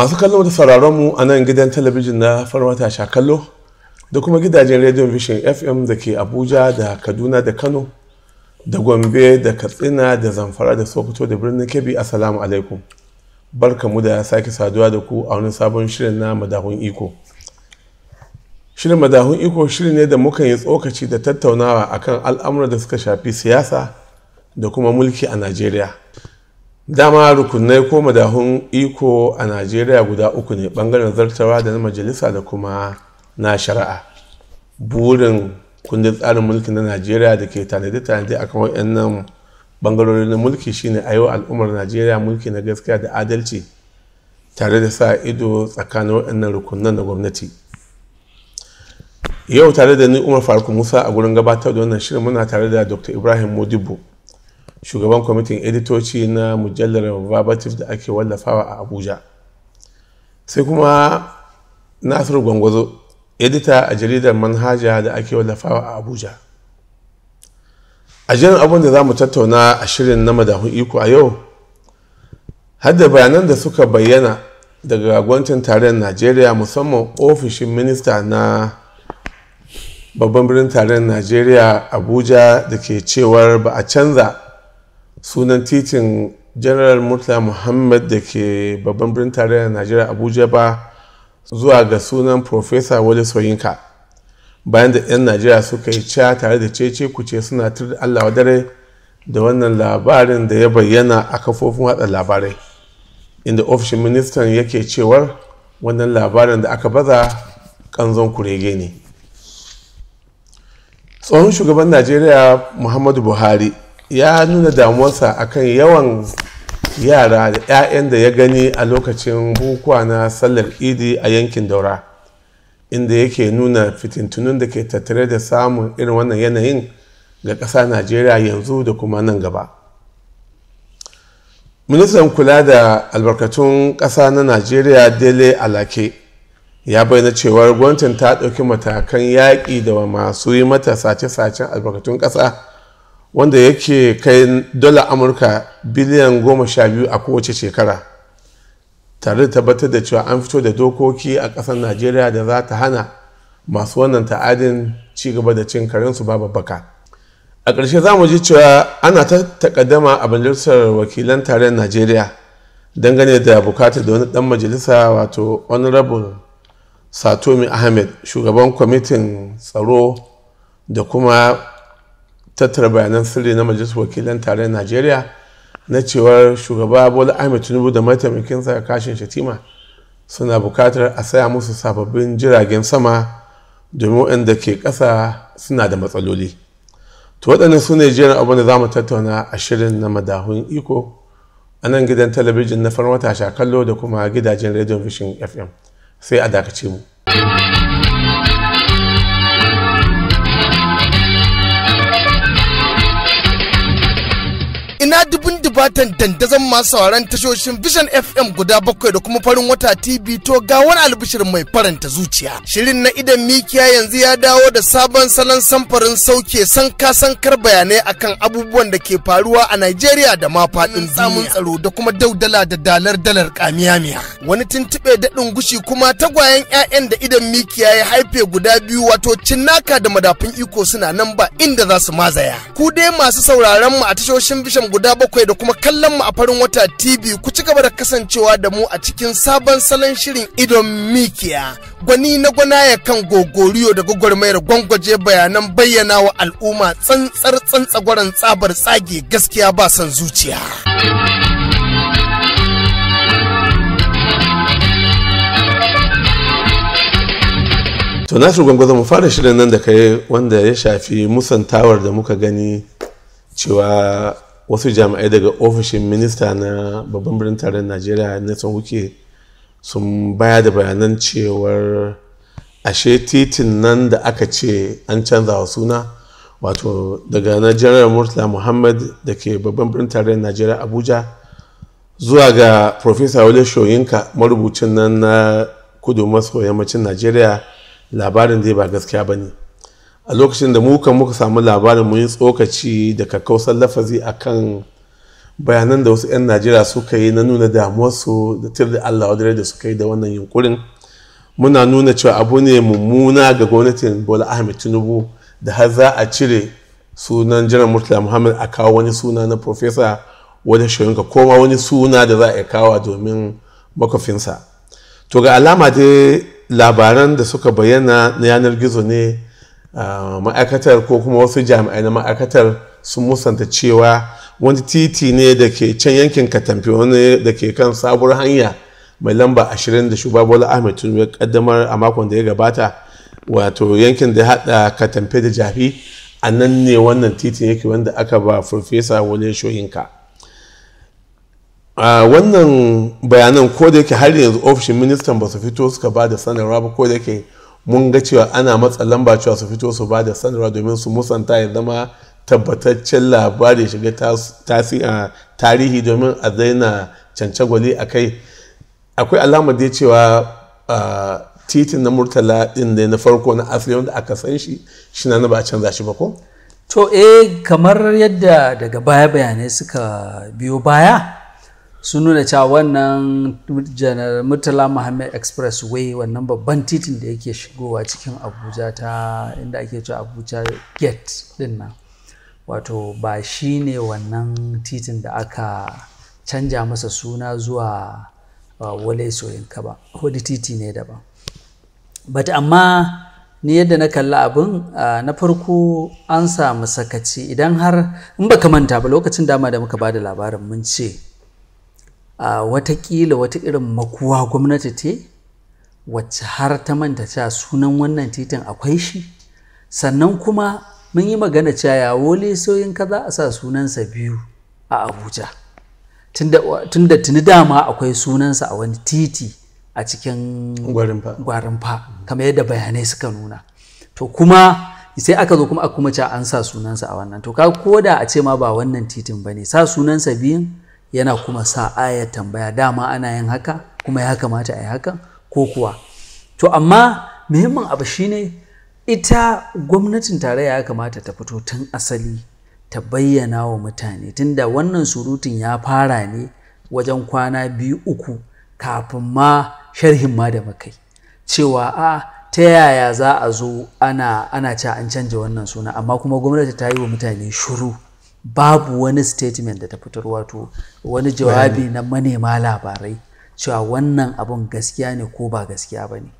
masu kallon da sauraron mu a nan gidan talabijin na farmata sha kallo da kuma gidajen radio vision fm da ke abuja da kaduna da kano da gombe da katsina da zamfara da sokoto da birnin kebbi assalamu alaikum barka barkamu da sake saduwa da ku a wani sabon shirin na madahun iko shirin madahun iko shiri ne da muka yi tsokaci da tattaunawa akan al'amuran da suka shafi siyasa da kuma mulki a najeriya dama rukunai ko madahun iko a najeriya guda uku ne bangaren zartawa da na majalisa da kuma na shari'a burin kundin tsarin mulki na najeriya da ke tanadi-tanadi a kan waɗannan bangarorin na mulki shine a wa al'ummar najeriya mulki na gaskiya da adalci tare da sa ido tsakanin waannan rukunan na gwamnati yau tare da ni umar faruk musa a gurin gabatar da wannan shirin muna tare da dr ibrahim modibo shugaban kwamitin editoci na mujallar verbative da ake wallafawa a abuja sai kuma nasiru gwangwazo edita a jaridar manhaja da ake wallafawa a abuja a jiran abin da za mu tattauna a shirin na madahun iko a yau hadda bayanan da suka bayyana daga gwamnatin tarayyar najeriya musamman ofishin minista na babban birnin tarayyar najeriya abuja da ke cewar ba a canza sunan titin general murtala muhammad da ke babban birnin tarayyar najeriya abuja ba zuwa ga sunan profesa wale soyinka bayan da 'yan najeriya suka yi ca tare da cece kuce suna tur da allah dare da wannan labarin da ya bayyana a kafofin watsa labarai inda ofishin ministan yake cewar wannan labarin da aka baza kanzon kurege ne tsohon shugaban najeriya muhammadu buhari ya nuna damuwarsa akan yawan yara da 'ya'yan da ya gani a lokacin bukuwa na sallar idi a yankin daura inda yake nuna fitintunun da ke tattare da samun irin wannan yanayin ga ƙasa najeriya yanzu da kuma nan gaba ministan kula da albarkatun ƙasa na najeriya dele alake ya bayyana cewar gwamnatin ta ɗauki matakan yaƙi da masu yi mata sace-sacen albarkatun ƙasa wanda yake kai dala amurka biliyan goma sha biyu a kowace shekara tare da tabbatar da cewa an fito da dokoki a ƙasar najeriya da za ta hana masu wannan ta'adin ci gaba da cin karinsu babu baka a ƙarshe za mu ji cewa ana ta takaddama a majalisar wakilan tarayyar najeriya dangane da bukatar da wani dan majalisa wato honorable satomi ahmed shugaban kwamitin tsaro da kuma tattara bayanan sirri na majalisar wakilan tarayyar najeriya na cewar shugaba bola ahmed tinubu da mataimakinsa kashin shatima suna bukatar a saya musu sababbin jiragen sama domin waɗanda ke ƙasa suna da matsaloli to waɗannan su ne jerin abin da za mu tattauna a shirin na madahun iko a nan gidan talabijin na farmata kallo da kuma gidajen radio vision fm sai a dakace mu. fatan dandazon masu sauraron tashoshin Vision FM guda bakwai da kuma farin wata TV to ga wani albishirin mai faranta zuciya. Shirin na idan mikiya yanzu ya dawo da sabon salon samfarin sauke sanka sankar bayanai akan abubuwan da ke faruwa a Najeriya da ma faɗin samun tsaro da kuma daudala da dalar dalar kamiyamiya. Wani tuntuɓe daɗin gushi kuma tagwayen 'ya'yan da idan mikiya ya haife guda biyu wato cinnaka da madafin iko suna nan ba inda za su mazaya. Ku dai masu sauraron mu a tashoshin Vision guda bakwai da kuma kuma kallon mu a farin wata TV ku ci gaba da kasancewa da mu a cikin sabon salon shirin idon mikiya gwani na gwanaya kan gogoriyo da gwagwarmayar gwangwaje bayanan bayyana wa al'umma tsantsar tsantsagwaran tsabar tsage gaskiya ba son zuciya. to nasir gwangwazo mu fara shirin nan da kai wanda ya shafi musantawar da muka gani cewa wasu jami'ai daga ofishin minista na babban birnin tarayyar najeriya nelson wuke sun baya da bayanan cewar ashe titin nan da aka ce an canza wa suna wato daga na murtala muhammad da ke babban birnin tarayyar najeriya abuja zuwa ga profesa wale shoyinka marubucin nan na kudu maso yammacin najeriya labarin zai ba gaskiya ba ne a lokacin da muka muka samu labarin mun yi tsokaci da kakkausar lafazi akan bayanan da wasu 'yan najeriya suka yi na nuna damuwarsu da da allah wadare da suka yi da wannan yunkurin muna nuna cewa abu ne mummuna ga gwamnatin bola ahmed tinubu da har za a cire sunan jiran murtala muhammad a kawo wani suna na profesa wani shoyinka ko ma wani suna da za a kawo domin makwafinsa to ga alama dai labaran da suka bayyana na yanar gizo ne Ah, ma'aikatar ko kuma wasu jami'ai na ma'aikatar sun musanta cewa wani titi ne da ke can yankin katamfe wani da ke kan sabuwar hanya mai lamba 20 da shugaba bola ahmed tun ya kaddamar a makon da ya gabata wato yankin da hada katamfe da jafi a nan ne wannan titin yake wanda aka ba farfesa wani shoyinka ah, wannan bayanan ko da yake har yanzu ofishin ministan ba su fito suka ba da sanarwa ba ko da yake mun ga cewa ana matsa lamba cewa su fito su ba da sanarwa domin su musanta ya zama tabbataccen labari shiga tarihi domin a daina cancagwali a kai akwai alamar da cewa titin na murtala din da na farko na asali wanda aka san shi shi na ba a canza shi ba ko to eh kamar yadda daga baya bayanai suka biyo baya sun nuna cewa wannan janar murtala muhammad expressway wannan babban titin da yake shigowa cikin abuja ta inda ake cewa abuja gate din nan wato ba shi ne wannan titin da aka canja masa suna zuwa uh, wale soyinka ba wani titi ne daban but amma ni yadda na kalli abin uh, na farko an samu sakaci idan har in baka manta ba lokacin dama da muka ba da labarin mun ce watakila wata irin makuwa gwamnati ce wacce har ta manta cewa sunan wannan titin akwai shi sannan kuma mun yi magana cewa ya wole soyin kaza a sa sunansa biyu a abuja tunda tuni dama akwai sunansa a wani titi a cikin gwarinfa kamar yadda bayanai suka nuna to kuma sai aka zo kuma aka kuma ca an sa sunansa a wannan to ko da a ce ma ba wannan titin ba ne sa sunansa biyun yana kuma sa aya tambaya dama ana yin haka kuma ya kamata a yi hakan ko kuwa to amma muhimmin abu shine ita gwamnatin tarayya ya kamata ta fito tun asali ta bayyana wa mutane tunda wannan surutun ya fara ne wajen kwana biyu uku kafin ma sharhin ma da makai cewa a ta yaya za a zo ana ana ce an canja wannan suna amma kuma gwamnati ta yi wa mutane shuru babu wani statement da ta fitar wato wani jawabi na manema labarai cewa wannan abun gaskiya ne ko ba gaskiya ba ne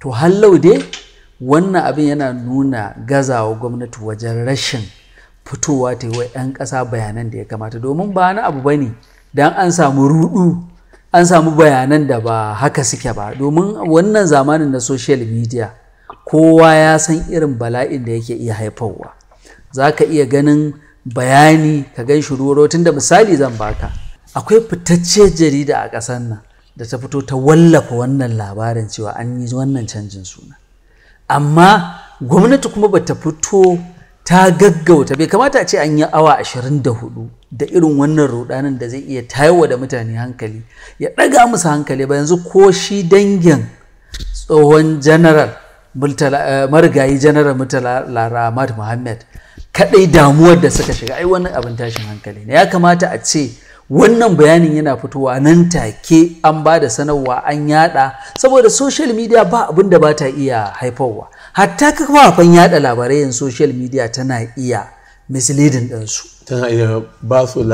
to hallau dai wannan abin yana nuna gazawa gwamnati wajen rashin fitowa ta yi wa 'yan ƙasa bayanan da ya kamata domin ba na abu ba ne don an samu rudu an samu bayanan da ba haka suke ba domin wannan zamanin na social media kowa ya san irin bala'in da yake iya haifarwa za ka iya ganin bayani ka gan shi ruwa da misali zan baka akwai fitacce jarida a ƙasar nan da ta fito ta wallafa wannan labarin cewa an yi wannan canjin suna amma gwamnati kuma ba ta fito ta gaggauta bai kamata a ce an yi awa 24 da irin wannan rudanin da zai iya tayowa da mutane hankali ya ɗaga musu hankali ba yanzu ko shi dangin tsohon janaral eh, marigayi janaral murtala muhammad Kaɗai damuwar da suka shiga ai wani abin tashin hankali ne ya kamata a ce wannan bayanin yana fitowa nan take an ba da sanarwa an yada saboda social media ba abin da ba ta iya haifarwa hatta kafafen yada labarai yin social media tana iya misleading ɗinsu tana iya ba su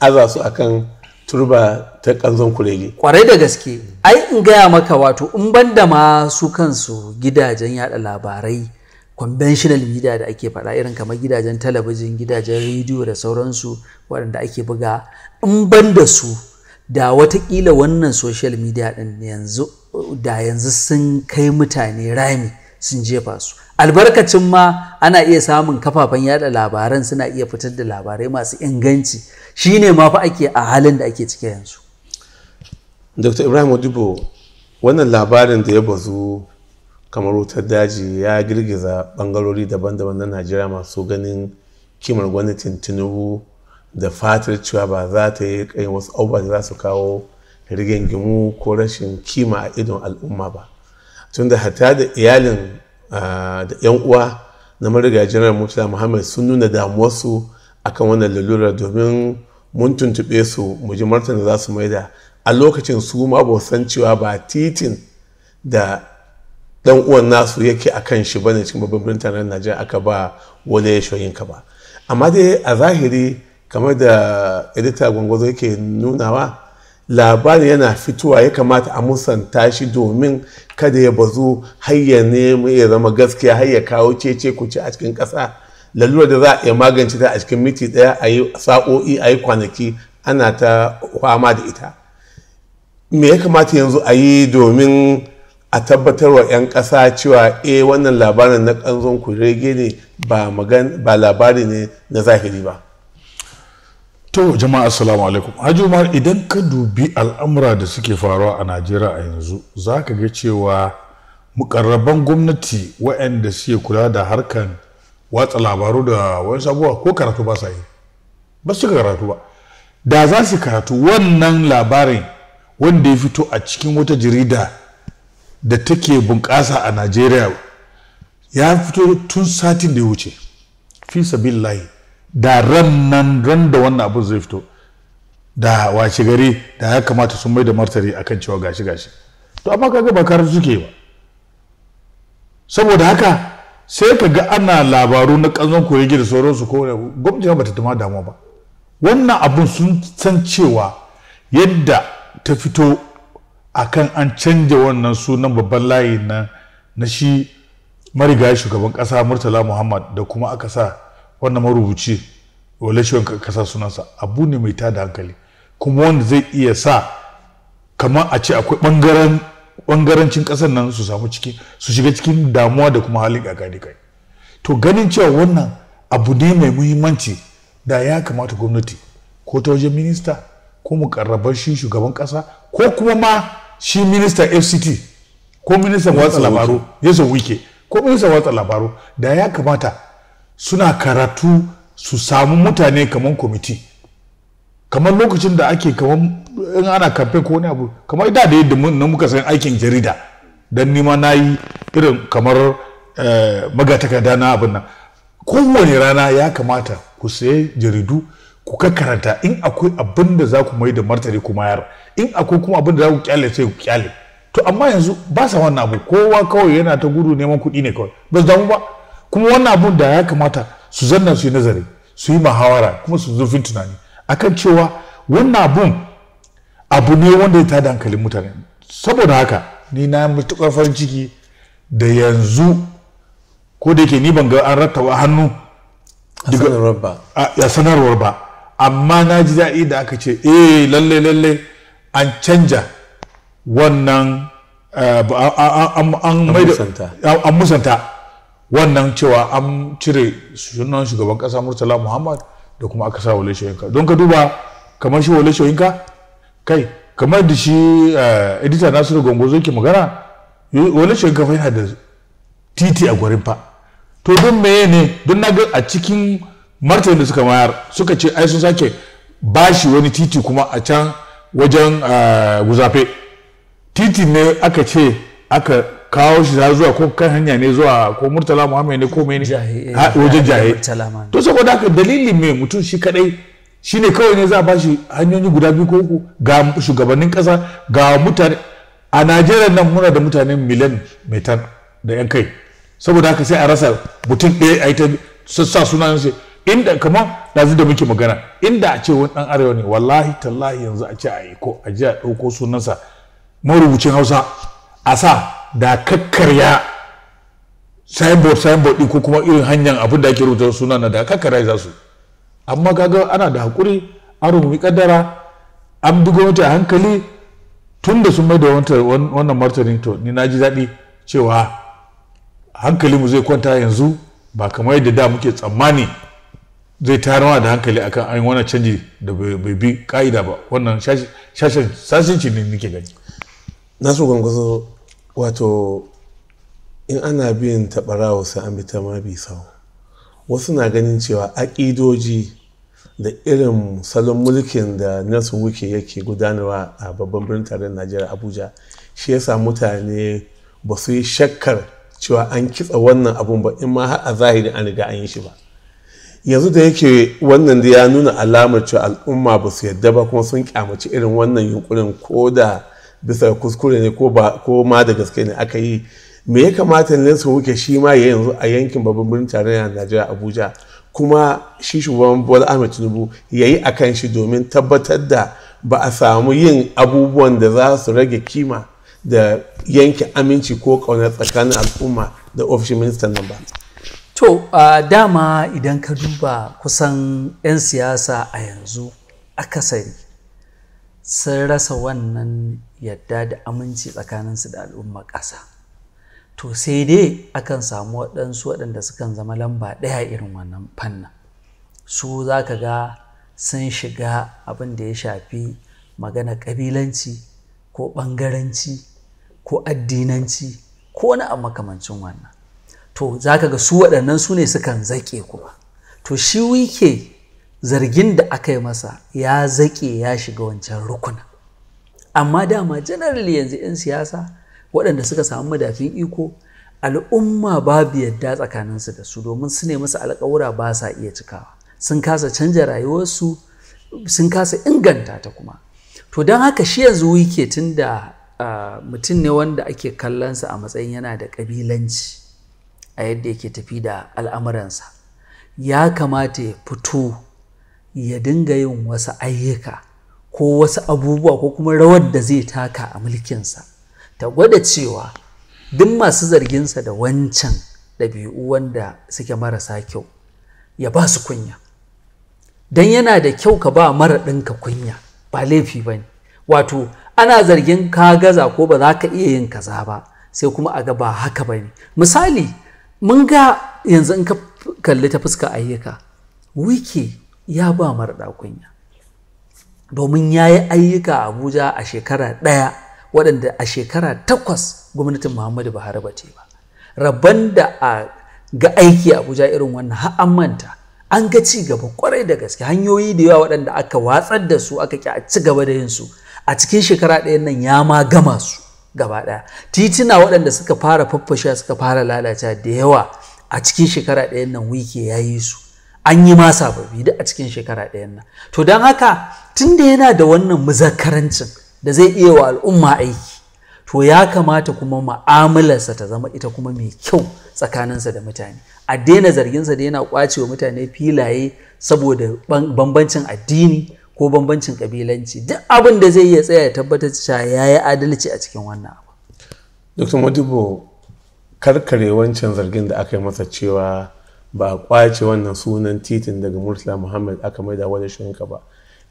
aza su akan turba ta kanzon kurege kwarai da gaske ai in gaya maka wato in banda ma su kansu gidajen yada labarai conventional media da ake faɗa irin kamar gidajen talabijin gidajen rediyo da sauransu waɗanda ake buga in ban da su da watakila wannan social media ɗin yanzu da yanzu sun kai mutane rami sun jefa su albarkacin ma ana iya samun kafafen yada labaran suna iya fitar da labarai masu inganci shine ma fa ake a halin da ake cike yanzu dr ibrahim odibo wannan labarin da ya bazu kamar wutar daji ya girgiza bangarori daban-daban na najeriya masu ganin kimar gwamnatin tinubu da fatar cewa ba za ta yi kai wasu abubuwa da za su kawo rigingimu ko rashin kima a idon al'umma ba tun da hata da iyalin da 'yan uwa na mariga janar murtala muhammad sun nuna damuwarsu akan wannan lalura domin mun tuntuɓe su mu ji martana za su maida a lokacin su ma ba cewa ba titin da dan uwan nasu yake a kan shi bane cikin babban birnin tarayyar najeriya aka ba wani ka ba amma dai a zahiri kamar da edita gwangwazo yake nunawa labarin yana fitowa ya kamata a musanta shi domin kada ya bazu hayya ne ya zama gaskiya hayya kawo cece kuce a cikin ƙasa lalura da za a iya magance ta a cikin miti ɗaya a yi sa'o'i a yi kwanaki ana ta fama da ita me ya kamata yanzu a yi domin a tabbatar wa 'yan ƙasa cewa e wannan labarin na ƙanzon kurege ne ba labari ne na zahiri ba to jama'a assalamu alaikum haji umar idan ka dubi al'amura da suke faruwa a najeriya a yanzu za ka ga cewa mukarraban gwamnati waɗanda suke kula da harkan watsa labaru da wani sabuwa ko karatu ba sa yi ba su karatu ba da za su karatu wannan labarin wanda ya fito a cikin wata jarida da take bunƙasa a najeriya ya fito tun satin da ya wuce fi layi da ran nan ran da wannan abin zai fito da wace gari da ya kamata sun mai da martari akan cewa gashi gashi to amma kaga ba karar suke ba saboda haka sai ka ga ana labaru na ƙanzon koyage da sauransu ko gwamnati ba ta tuma damuwa ba wannan abun sun san cewa yadda ta fito akan an canja wannan sunan babban layi na na shi marigayi shugaban kasa murtala muhammad da kuma aka sa wannan marubuci wale shi ka kasa sunansa abu ne mai tada hankali kuma wanda zai iya sa kamar a ce akwai bangaren bangarancin kasar nan su samu ciki su shiga cikin damuwa da kuma halin kakani kai to ganin cewa wannan abu ne mai muhimmanci da ya kamata gwamnati ko ta wajen minista ko mukarraban shi shugaban kasa ko kuma ma shi minista fct ko ministan watsa labaru ya wike ko ministan watsa labaru da ya kamata suna karatu su samu mutane kamar kwamiti kamar lokacin da ake kamar in ana kamfe ko wani abu kamar da da yadda na muka san aikin jarida don nima na yi irin kamar eh, magatakarda na abin nan kowane rana ya kamata ku sayi jaridu ku karanta in akwai abin da za ku mai da martani kuma yara, in akwai kuma abin da za ku kyale sai ku kyale to amma yanzu ba sa wannan abu kowa kawai yana ta gudu neman kuɗi ne kawai ba su damu ba kuma wannan abun da ya kamata su zanna su yi nazari su yi muhawara kuma su zurfin tunani akan cewa wannan abun abu ne wanda ya tada hankalin mutane saboda haka ni na matuƙar farin ciki da yanzu ko da yake ni ban ga an rattaba hannu a sanarwar ba amma na ji daɗi da aka ce eh lalle lalle an canja wannan an musanta wannan cewa an cire sunan shugaban ƙasa murtala muhammad da kuma aka sa wale shoyinka don ka duba kamar shi wale shoyinka kai kamar da shi eh, edita nasiru gongozo ke magana eh, wale shoyinka fa yana da titi a gwarin fa to don meye ne don na ga a cikin martani da suka mayar suka ce ai sun sake bashi wani titi kuma a can wajen ah, guzafe titi ne aka ce aka kawo shi za zuwa ko kan hanya ne zuwa ko murtala muhammed ne ko mai ne eh, wajen jahe to saboda haka dalili mai mutum shi kadai shi ne kawai ne za a bashi hanyoyi guda biyu ko uku ga shugabannin kasa ga mutane a najeriya nan muna da mutane miliyan mai da yan kai saboda haka sai a rasa mutum ɗaya a yi ta sassa sunan sai inda kuma yanzu da muke magana inda a ce wani dan arewa ne wallahi tallahi yanzu a ce a yi ko a ji a sunansa marubucin hausa a sa da kakkarya signboard signboard ɗin ko kuma irin hanyar abin da ake rubuta suna na da kakkarya za su amma kaga ana da hakuri an rubuta kaddara an bi gwamnati a hankali tun da sun mai da wannan martanin to ni na ji daɗi cewa hankalinmu zai kwanta yanzu ba kamar yadda da muke tsammani zai tarawa da hankali akan an wani canji da bai bi ka'ida ba wannan shashanci ne nake gani na nasu gangazo wato in ana bin taɓarawa sai an bi ta ma bi sau wasu na ganin cewa aƙidoji da irin salon mulkin da nelson wike yake gudanarwa a babban birnin tarayyar najeriya abuja shi yasa mutane ba su yi shakkar cewa an kitsa wannan abun ba in ma har a zahiri an riga an yi shi ba yanzu da yake wannan da ya nuna alamar cewa al'umma ba su yadda ba kuma sun kyamaci irin wannan yunkurin ko da bisa kuskure ne ko ma da gaske ne aka yi me ya kamata ne su wuke shi ma ya yanzu a yankin babban birnin tarayya a najeriya abuja kuma shi shugaban bola ahmed tinubu ya yi a kan shi domin tabbatar da ba a samu yin abubuwan da za su rage kima da yanke aminci ko ƙaunar tsakanin al'umma da ofishin ministan nan ba To, uh, dama idan ka duba kusan 'yan siyasa a yanzu akasari sun rasa wannan yadda da aminci tsakaninsu da al'umma ƙasa. To, sai dai akan samu waɗansu waɗanda sukan zama lamba ɗaya irin wannan fannin. Su za ka ga sun shiga abin da ya shafi magana ƙabilanci ko ɓangaranci ko addinanci ko wani a makamancin wannan. to za ka ga su waɗannan su ne sukan zaƙe kuma to shi wike zargin da aka yi masa ya zaƙe ya shiga wancan rukuna amma dama janarali yanzu 'yan siyasa waɗanda suka samu madafin iko al'umma babu yadda tsakaninsu da su domin su ne masa alƙawura ba sa iya cikawa sun kasa canja rayuwarsu sun kasa inganta ta kuma to don haka shi yanzu wike tun da ah, mutum ne wanda ake kallonsa a matsayin yana da ƙabilanci a yadda yake tafi da al'amuransa ya kamata ya fito ya dinga yin wasu ayyuka ko wasu abubuwa ko kuma rawar da zai taka a mulkinsa ta gwada cewa duk masu zarginsa da wancan ɗabi'u wanda suke marasa kyau ya ba su kunya don yana da kyau ka ba mara ɗinka kunya ba laifi ba ne wato ana zargin ka gaza ko ba za ka iya yin kaza ba sai kuma a ga ba haka ba ne misali mun ga yanzu in ka kalli ta fuska ayyuka wiki ya ba mara kunya domin ya yi ayyuka a abuja a shekara ɗaya waɗanda a shekara takwas gwamnatin muhammadu buhari ba ce ba rabban da a ga aiki abuja irin wannan haan manta an ga ci gaba kwarai da gaske hanyoyi da yawa waɗanda aka watsar da su aka ki ci gaba da yin su a cikin shekara ɗayan nan ya ma gama su gaba ɗaya titina waɗanda suka fara faffasha suka fara lalata da yawa a cikin shekara ɗayan nan wike ya yi su an yi ma sababbi da a cikin shekara ɗayan nan to don haka tun da yana da wannan muzakarancin da zai iya wa al'umma aiki to ya kamata kuma ma'amalarsa ta zama ita kuma mai kyau tsakaninsa da mutane a daina zarginsa da yana kwace wa mutane filaye saboda bambancin addini ko bambancin kabilanci duk abin da zai iya tsaya ya tabbatar cewa ya yi adalci a cikin wannan abu. Dr. Modibo karkare wancan zargin da aka yi masa cewa ba a kwace wannan sunan titin daga Murtala Muhammad aka mai da wani shunka ba.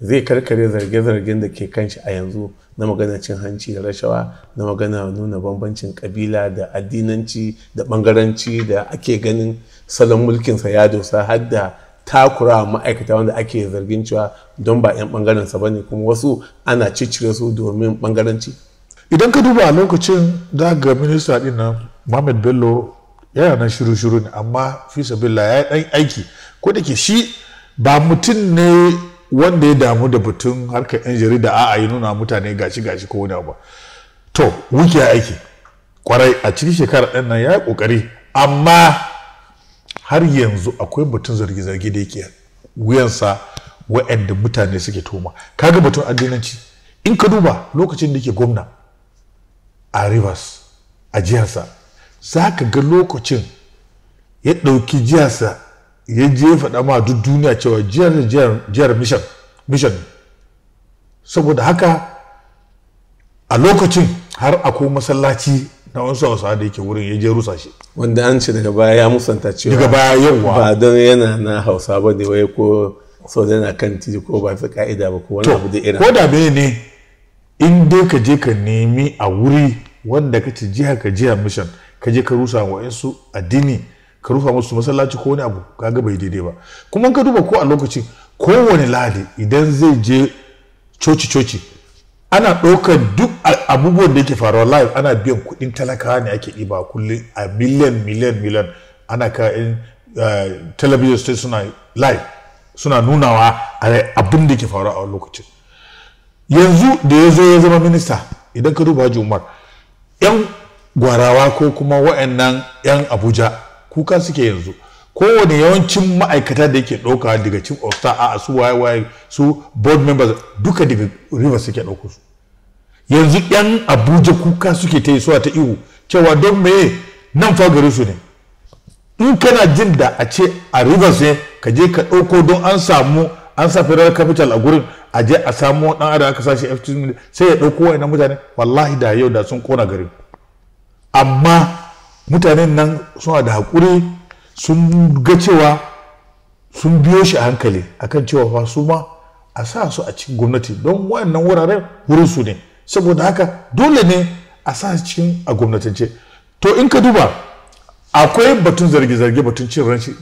Zai karkare zarge-zargen da ke kan shi a yanzu na magana cin hanci da rashawa na magana nuna bambancin kabila da addinanci da bangaranci da ake ganin salon mulkinsa ya dosa har da takura ma'aikata wanda ake zargin cewa don ba 'yan bangarensa ba bane kuma wasu ana ciccire su domin bangaranci idan ka duba a lokacin da ga minista din nan Mohammed Bello yana nan shiru-shiru ne amma fi sabilla ya dan aiki ko da ke shi ba mutum ne wanda ya damu da batun harkar yan jarida a yi nuna mutane gashi gashi ko wani abu to wuki ya aiki kwarai a cikin shekarar ɗan nan ya yi ƙoƙari amma har yanzu akwai batun zargi-zargi da yake wuyansa wa'yanda mutane suke toma kaga batun addinanci in ka duba lokacin da yake gwamna a rivers a jiyarsa za ka ga lokacin ya ɗauki jiyarsa ya je faɗa ma duk duniya cewa jihar mission saboda haka a lokacin har akwai masallaci da wani hausa da yake wurin ya je rusa shi wanda an ce daga baya ya musanta cewa daga baya yawa ba don yana na hausa ba ne wai ko so da yana kan titi ko ba fi ka'ida ba ko wani abu da irin ko da bai ne in dai ka je ka nemi a wuri wanda ka ce jiha ka jiha mission ka je ka rusa wa su addini ka rufa musu masallaci ko wani abu kaga bai daidai ba kuma ka duba ko a lokacin kowane lahadi idan zai je coci coci ana ɗaukar duk abubuwan da ke faruwa live ana biyan kuɗin talakawa ne ake ɗiba kullum a miliyan miliyan miliyan ana ka in eh, television state suna live suna nunawa abin da ke faruwa a lokacin yanzu da ya zo ya zama minista idan ka duba Haji Umar yan gwarawa ko kuma wa'annan yan Abuja kuka suke yanzu kowane yawancin ma'aikata da yake ɗauka daga cin of staff a su waye su board members duka daga rivers suke ɗauko su yanzu yan abuja kuka suke ta yi suwa ta ihu cewa don meye nan fa garinsu su ne in kana jin da a ce a rivers ne ka je ka ɗauko don an samu an sa federal capital a gurin a je a samu ɗan adam aka sashi ft sai ya ɗauko wa'annan mutane wallahi da yau da sun kona gari amma mutanen nan suna da haƙuri sun ga cewa sun biyo shi a hankali akan cewa fa su ma a sa su a cikin gwamnati don wayannan wuraren wurin su ne saboda haka dole ne a sa su cikin a gwamnatance to in ka duba akwai batun zarge-zarge batun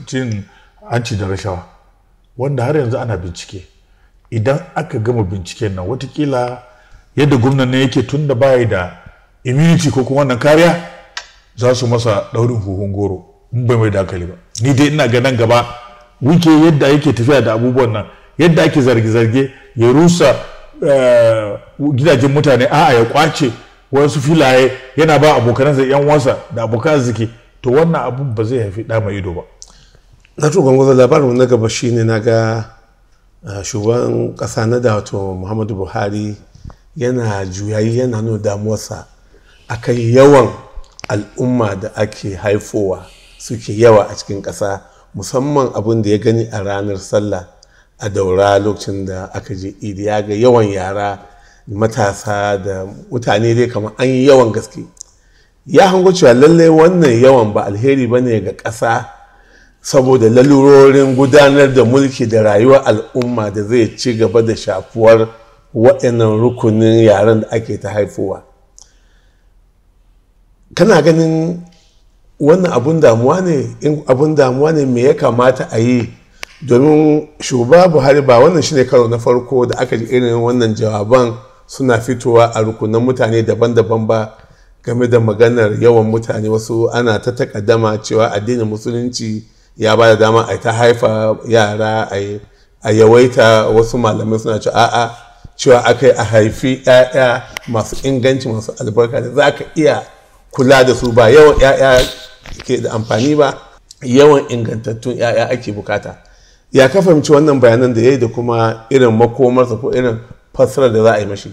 cin hanci da rashawa wanda har yanzu ana bincike idan aka gama binciken nan watakila yadda gwamnan ne yake tun da bayi da immunity ko kuma wannan kariya za su masa daurin huhun goro bai mai dakali ba ni dai ina ga nan gaba wike yadda yake tafiya da abubuwan nan yadda ake zarge-zarge ya rusa eh, gidajen mutane a'a ya kwace wasu filaye yana ba abokanansa yan wasa da abokan arziki to wannan abun ba zai haifi da mai ido ba na to gongo labarin na gaba shine na ga eh, shugaban kasa na da wato muhammadu buhari yana juyayi yana nuna damuwarsa akan yawan al'umma da ake haifowa suke yawa a cikin ƙasa musamman abin da ya gani a ranar sallah a daura lokacin da aka je idi ya ga yawan yara matasa da mutane dai kamar an yi yawan gaske ya hango cewa lallai wannan yawan ba alheri ba ne ga ƙasa saboda lalurorin gudanar da mulki da rayuwar al'umma da zai ci gaba da shafuwar waɗannan rukunin yaren da ake ta haifowa kana ganin wannan abun damuwa ne in abun damuwa ne me ya kamata a yi domin shugaba buhari ba wannan shine karo na farko da aka ji irin wannan jawaban suna fitowa a rukunan mutane daban-daban ba game da maganar yawan mutane wasu ana ta takaddama cewa addinin musulunci ya ba da dama a ta haifa yara a yawaita wasu malamai suna cewa a'a cewa aka yi a haifi 'ya'ya masu inganci masu albarka da za ka iya kula da su ba yawan 'ya'ya ke da amfani ba yawan ingantattun 'ya'ya ake bukata ya ka fahimci wannan bayanan da ya yi da kuma irin makomarsa ko irin fassarar da za a yi mashi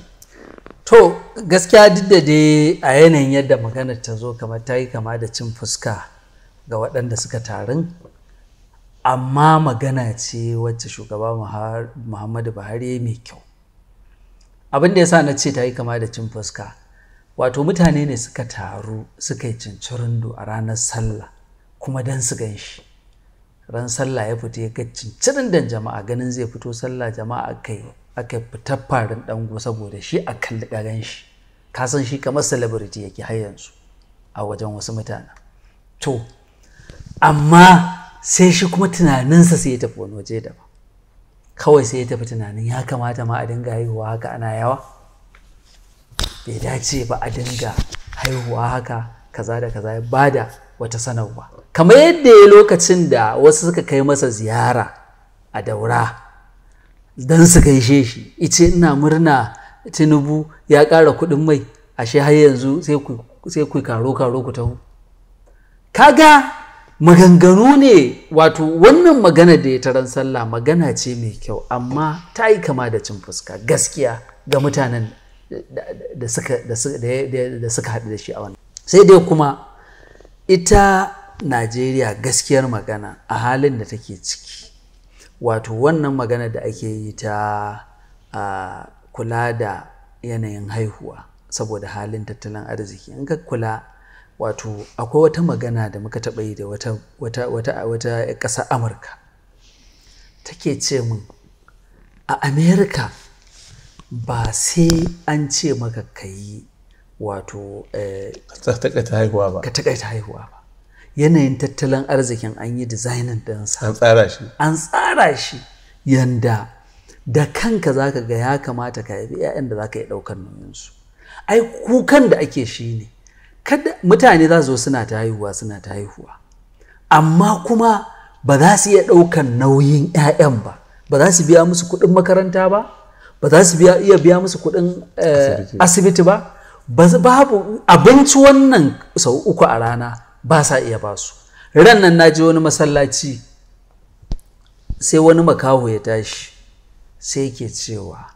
to gaskiya duk da dai a yanayin yadda maganar ta zo kamar ta yi kama da cin fuska ga waɗanda suka tarin amma magana ce wacce shugaba muhammadu buhari mai kyau abin da ya sa na ce ta yi kama da cin fuska wato mutane ne suka taru suka yi cincirin a ranar sallah kuma don su gan shi ran sallah ya fito ya ga cincirindan jama'a ganin zai fito sallah jama'a yi aka fita farin dango saboda shi a kalli gan shi ka shi kamar celebrity yake har yanzu a wajen wasu mutane to amma sai shi kuma tunaninsa sai ya tafi wani waje daban kawai sai ya tafi tunanin ya kamata ma a dinga haihuwa haka ana yawa bai dace ba a dinga haihuwa haka kaza da kaza ya bada wata sanarwa kamar yadda ya lokacin da wasu suka kai masa ziyara a daura don su gaishe shi ice ina murna tinubu ya ƙara kuɗin mai ashe har yanzu sai ku karo karo ku taho kaga maganganu ne wato wannan magana da ya taron sallah magana ce mai kyau amma ta yi kama da cin fuska gaskiya ga mutanen da suka haɗu da shi a wani sai dai kuma ita najeriya gaskiyar magana a halin da take ciki wato wannan magana da ake yi ta kula da yanayin haihuwa saboda halin tattalin arziki in ka kula wato akwai wata magana da muka taɓa yi da wata ƙasa amurka take ce mun a amerika ba sai an ce maka ka yi wato eh, ka takaita haihuwa ba haihuwa ba yanayin tattalin arzikin an yi dizainin ɗinsa an tsara shi an tsara shi yanda da kanka za ka ga ya kamata ka yabi 'ya'yan da za ka yi ɗaukar nuninsu ai kukan da ake shi ne mutane za su suna ta haihuwa suna ta haihuwa amma kuma ba za su iya ɗaukar nauyin 'ya'yan ba ba za su biya musu kuɗin makaranta ba ba za su iya biya musu kuɗin eh, asibiti ba babu abinci wannan sau uku a rana ba sa iya ba su ran nan na ji wani masallaci sai wani makaho ya tashi sai ke cewa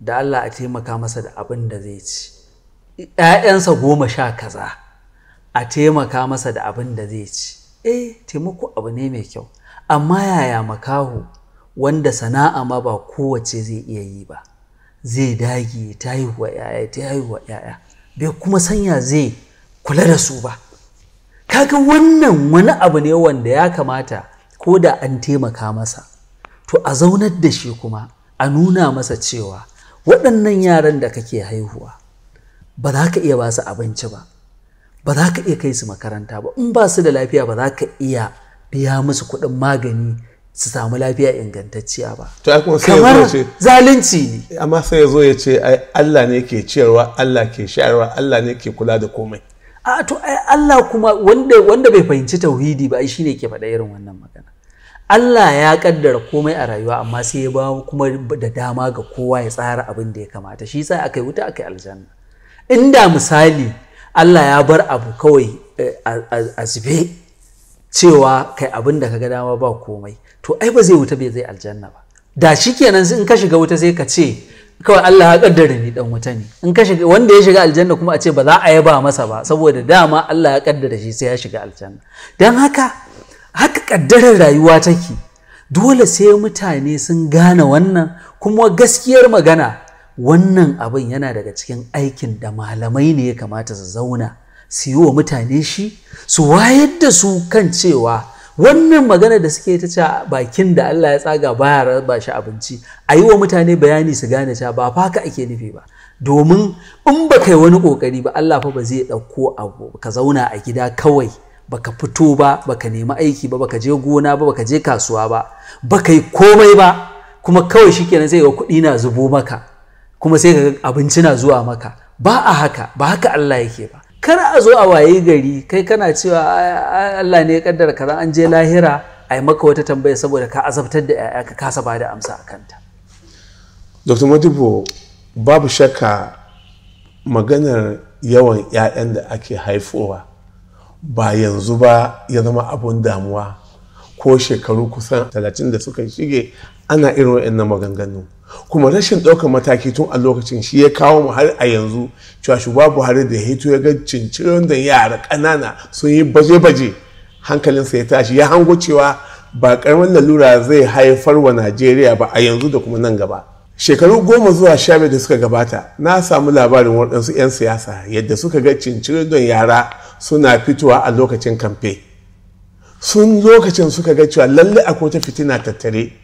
da Allah a taimaka masa da abin da zai ci ‘ya'yansa goma sha kaza a taimaka masa da abin da zai ci eh taimako abu ne mai kyau amma yaya makaho wanda sana'a ma ba kowace zai iya yi ba zai dage ta haihuwa yaya ta haihuwa yaya bai kuma sanya zai kula da su ba kaga wannan wani abu ne wanda ya kamata ko da an taimaka masa to a zaunar da shi kuma a nuna masa cewa waɗannan yaran da kake haihuwa ba za ka iya ba su abinci ba ba za ka iya kai su makaranta ba in ba su da lafiya ba za ka iya biya musu kuɗin magani su samu lafiya ingantacciya ba To sai kamar zalunci ne amma sai ya zo ya ce Allah ne ke ciyarwa Allah ke shayarwa Allah ne ke kula da komai a to ai Allah kuma wanda wanda bai fahimci tauhidi ba shi shine ke faɗa irin wannan magana Allah ya kaddara komai a rayuwa amma sai ya ba kuma da dama ga kowa ya tsara abin da ya kamata shi yasa akai wuta akai aljanna inda misali Allah ya bar abu kawai eh, a zube cewa kai abin da ka ga dama ba komai to ai ba zai wuta bai zai aljanna ba da shi kenan in ka shiga wuta sai ka ce kawai Allah ya kaddara ni dan wuta ne in ka shiga wanda ya shiga aljanna kuma a ce ba za a yaba masa ba saboda dama Allah ya kaddara shi sai ya shiga aljanna dan haka haka kaddarar rayuwa take dole sai mutane sun gane wannan kuma gaskiyar magana wannan abin yana daga cikin aikin da malamai ne ya kamata su zauna su yi wa mutane shi su wayar da su kan cewa wannan magana da suke ta ce bakin da Allah ya tsaga baya raba shi abinci a yi wa mutane bayani su gane cewa ba haka ake nufi ba domin in ba kai wani kokari ba Allah fa ba zai ɗauko abu ka zauna a gida kawai baka fito ba baka nemi aiki ba baka je gona ba baka je kasuwa ba baka yi komai ba kuma kawai shikenan sai ga kuɗi na zubo maka kuma sai ga abinci na zuwa maka ba a haka ba haka Allah yake ba kar a zo a waye gari kai kana cewa Allah ne ya kaddara kaza an je lahira a yi maka wata tambaya saboda ka azabtar da 'ya'ya ka kasa da amsa a kanta Dr. Modibo babu shakka maganar yawan yayan da ake haifowa ba yanzu ba ya zama abun damuwa ko shekaru kusan 30 da suka shige ana irin wa'annan maganganu kuma rashin ɗaukar mataki tun a lokacin shi ya kawo mu har a yanzu cewa shugaba buhari da hito ya ga cincirin da yara ƙanana sun yi baje-baje hankalinsa ya tashi ya hango cewa ba karamin lalura zai haifar wa najeriya ba a yanzu da kuma nan gaba shekaru goma zuwa sha biyu da suka gabata na samu labarin waɗansu 'yan siyasa yadda suka ga cincirin don yara suna fitowa a lokacin kamfe sun lokacin suka ga cewa lallai akwai ta fitina tattare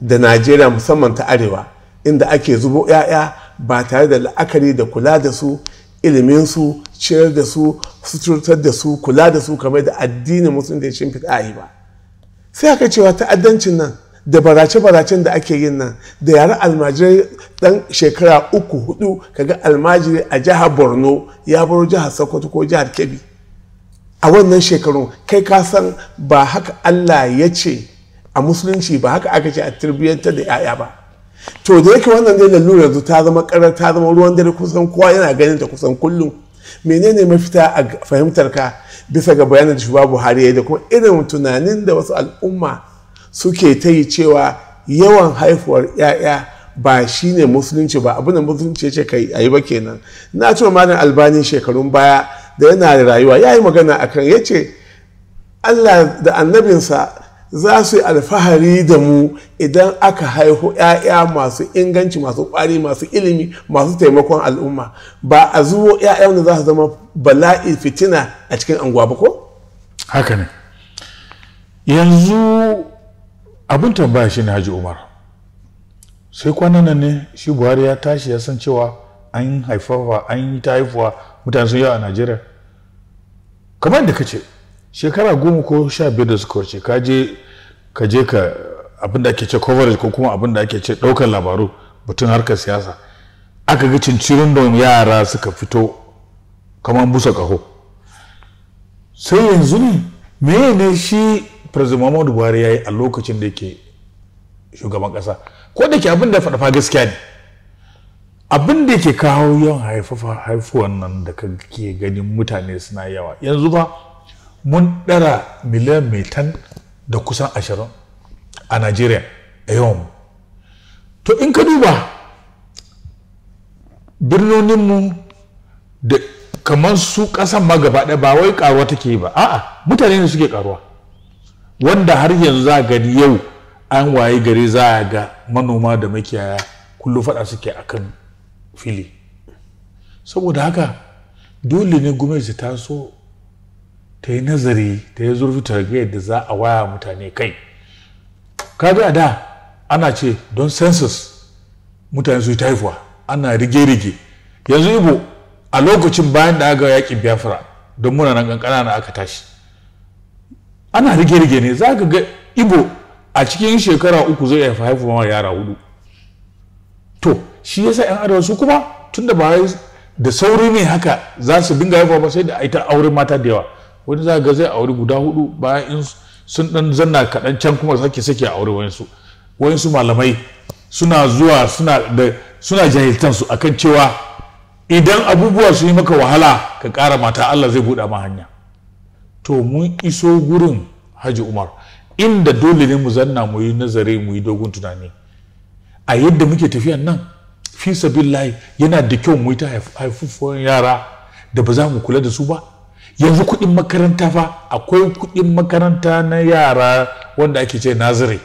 da najeriya musamman ta arewa inda ake zubo 'ya'ya ba tare da la'akari da kula da su su ciyar da su suturtar da su kula da su kamar da addinin musulun da ya shimfiɗa ba sai aka cewa ta'addancin nan da barace-baracen da ake yin nan da yara almajirai dan shekara uku hudu kaga almajiri a jihar borno ya baro jihar sokoto ko jihar kebbi a wannan shekarun kai ka san ba haka allah ya ce a musulunci ba haka aka ce a tarbiyyantar da 'ya'ya ba to da yake wannan dai lalura yanzu ta zama karar ta zama ruwan dare kusan kowa yana ganin ta kusan kullum menene mafita a fahimtar ka bisa ga bayanin da shugaba buhari da kuma irin tunanin da wasu al'umma suke ta yi cewa yawan haifuwar 'ya'ya ba shine musulunci ba abin da musulunci ya ce kai a yi ba kenan na ce malam albani shekarun baya da yana da rayuwa ya yi magana akan ya ce allah da annabinsa za su yi alfahari da mu idan aka haihu 'ya'ya masu inganci masu kwari masu ilimi masu taimakon al'umma ba a zuwo 'ya'ya da za su zama bala'i fitina a cikin anguwa ba ko? haka ne yanzu abin tambaya shi ne haji umar sai kwanan ne shi buhari ya tashi ya san cewa an haifawa an yi ta haifuwa mutane sun yawa a najeriya kamar da ka ce shekara goma ko sha biyu da suka wuce ka je ka je ka abin da ake ce coverage ko kuma abin da ake ce ɗaukar labaru batun harkar siyasa aka ga cincirin da yara suka fito kamar busa kaho. sai yanzu ne meye ne shi president muhammadu buhari ya yi a lokacin da yake shugaban kasa ko da ke abin da faɗafa gaskiya ne abin da ke kawo yawan haifuwan nan da kake ganin mutane suna yawa yanzu ba mun ɗara miliyan mai tan da kusan ashirin a najeriya a yawan to in ka duba birnoninmu da kamar su ƙasan ma gaba ɗaya ba wai ƙaruwa take yi ba a'a mutane ne suke ƙaruwa wanda har yanzu za gani yau an waye gari za a ga manoma da makiyaya kullum faɗa suke a kan fili saboda haka dole ne gwamnati ta so ta yi nazari ta yi zurfi tarbiyyar da za a waya mutane kai kaga a da ana ce don census mutane su yi taifuwa ana rige-rige yanzu ibo a lokacin bayan da aka yaƙi biafra don muna nan kankana na aka tashi ana rige-rige ne za ka ga ibo a cikin shekara uku zai haifa haifuwa yara hudu to shi yasa yan arewa su kuma tun da ba da sauri ne haka za su dinga haifuwa ba sai da ta auren mata da yawa wani za ga zai auri guda hudu bayan in sun dan zanna kaɗan can kuma sake sake a aure wayansu wayansu malamai suna zuwa suna da suna jahiltan su akan cewa idan abubuwa su yi maka wahala ka ƙara mata Allah zai buɗa ma hanya to mun iso gurin Haji Umar inda dole ne mu zanna mu yi nazari mu yi dogon tunani a yadda muke tafiyan nan fi sabillahi yana da kyau mu yi ta haifufuwan yara da ba za mu kula da su ba yanzu kuɗin makaranta fa akwai kuɗin makaranta na yara wanda ake ce nazare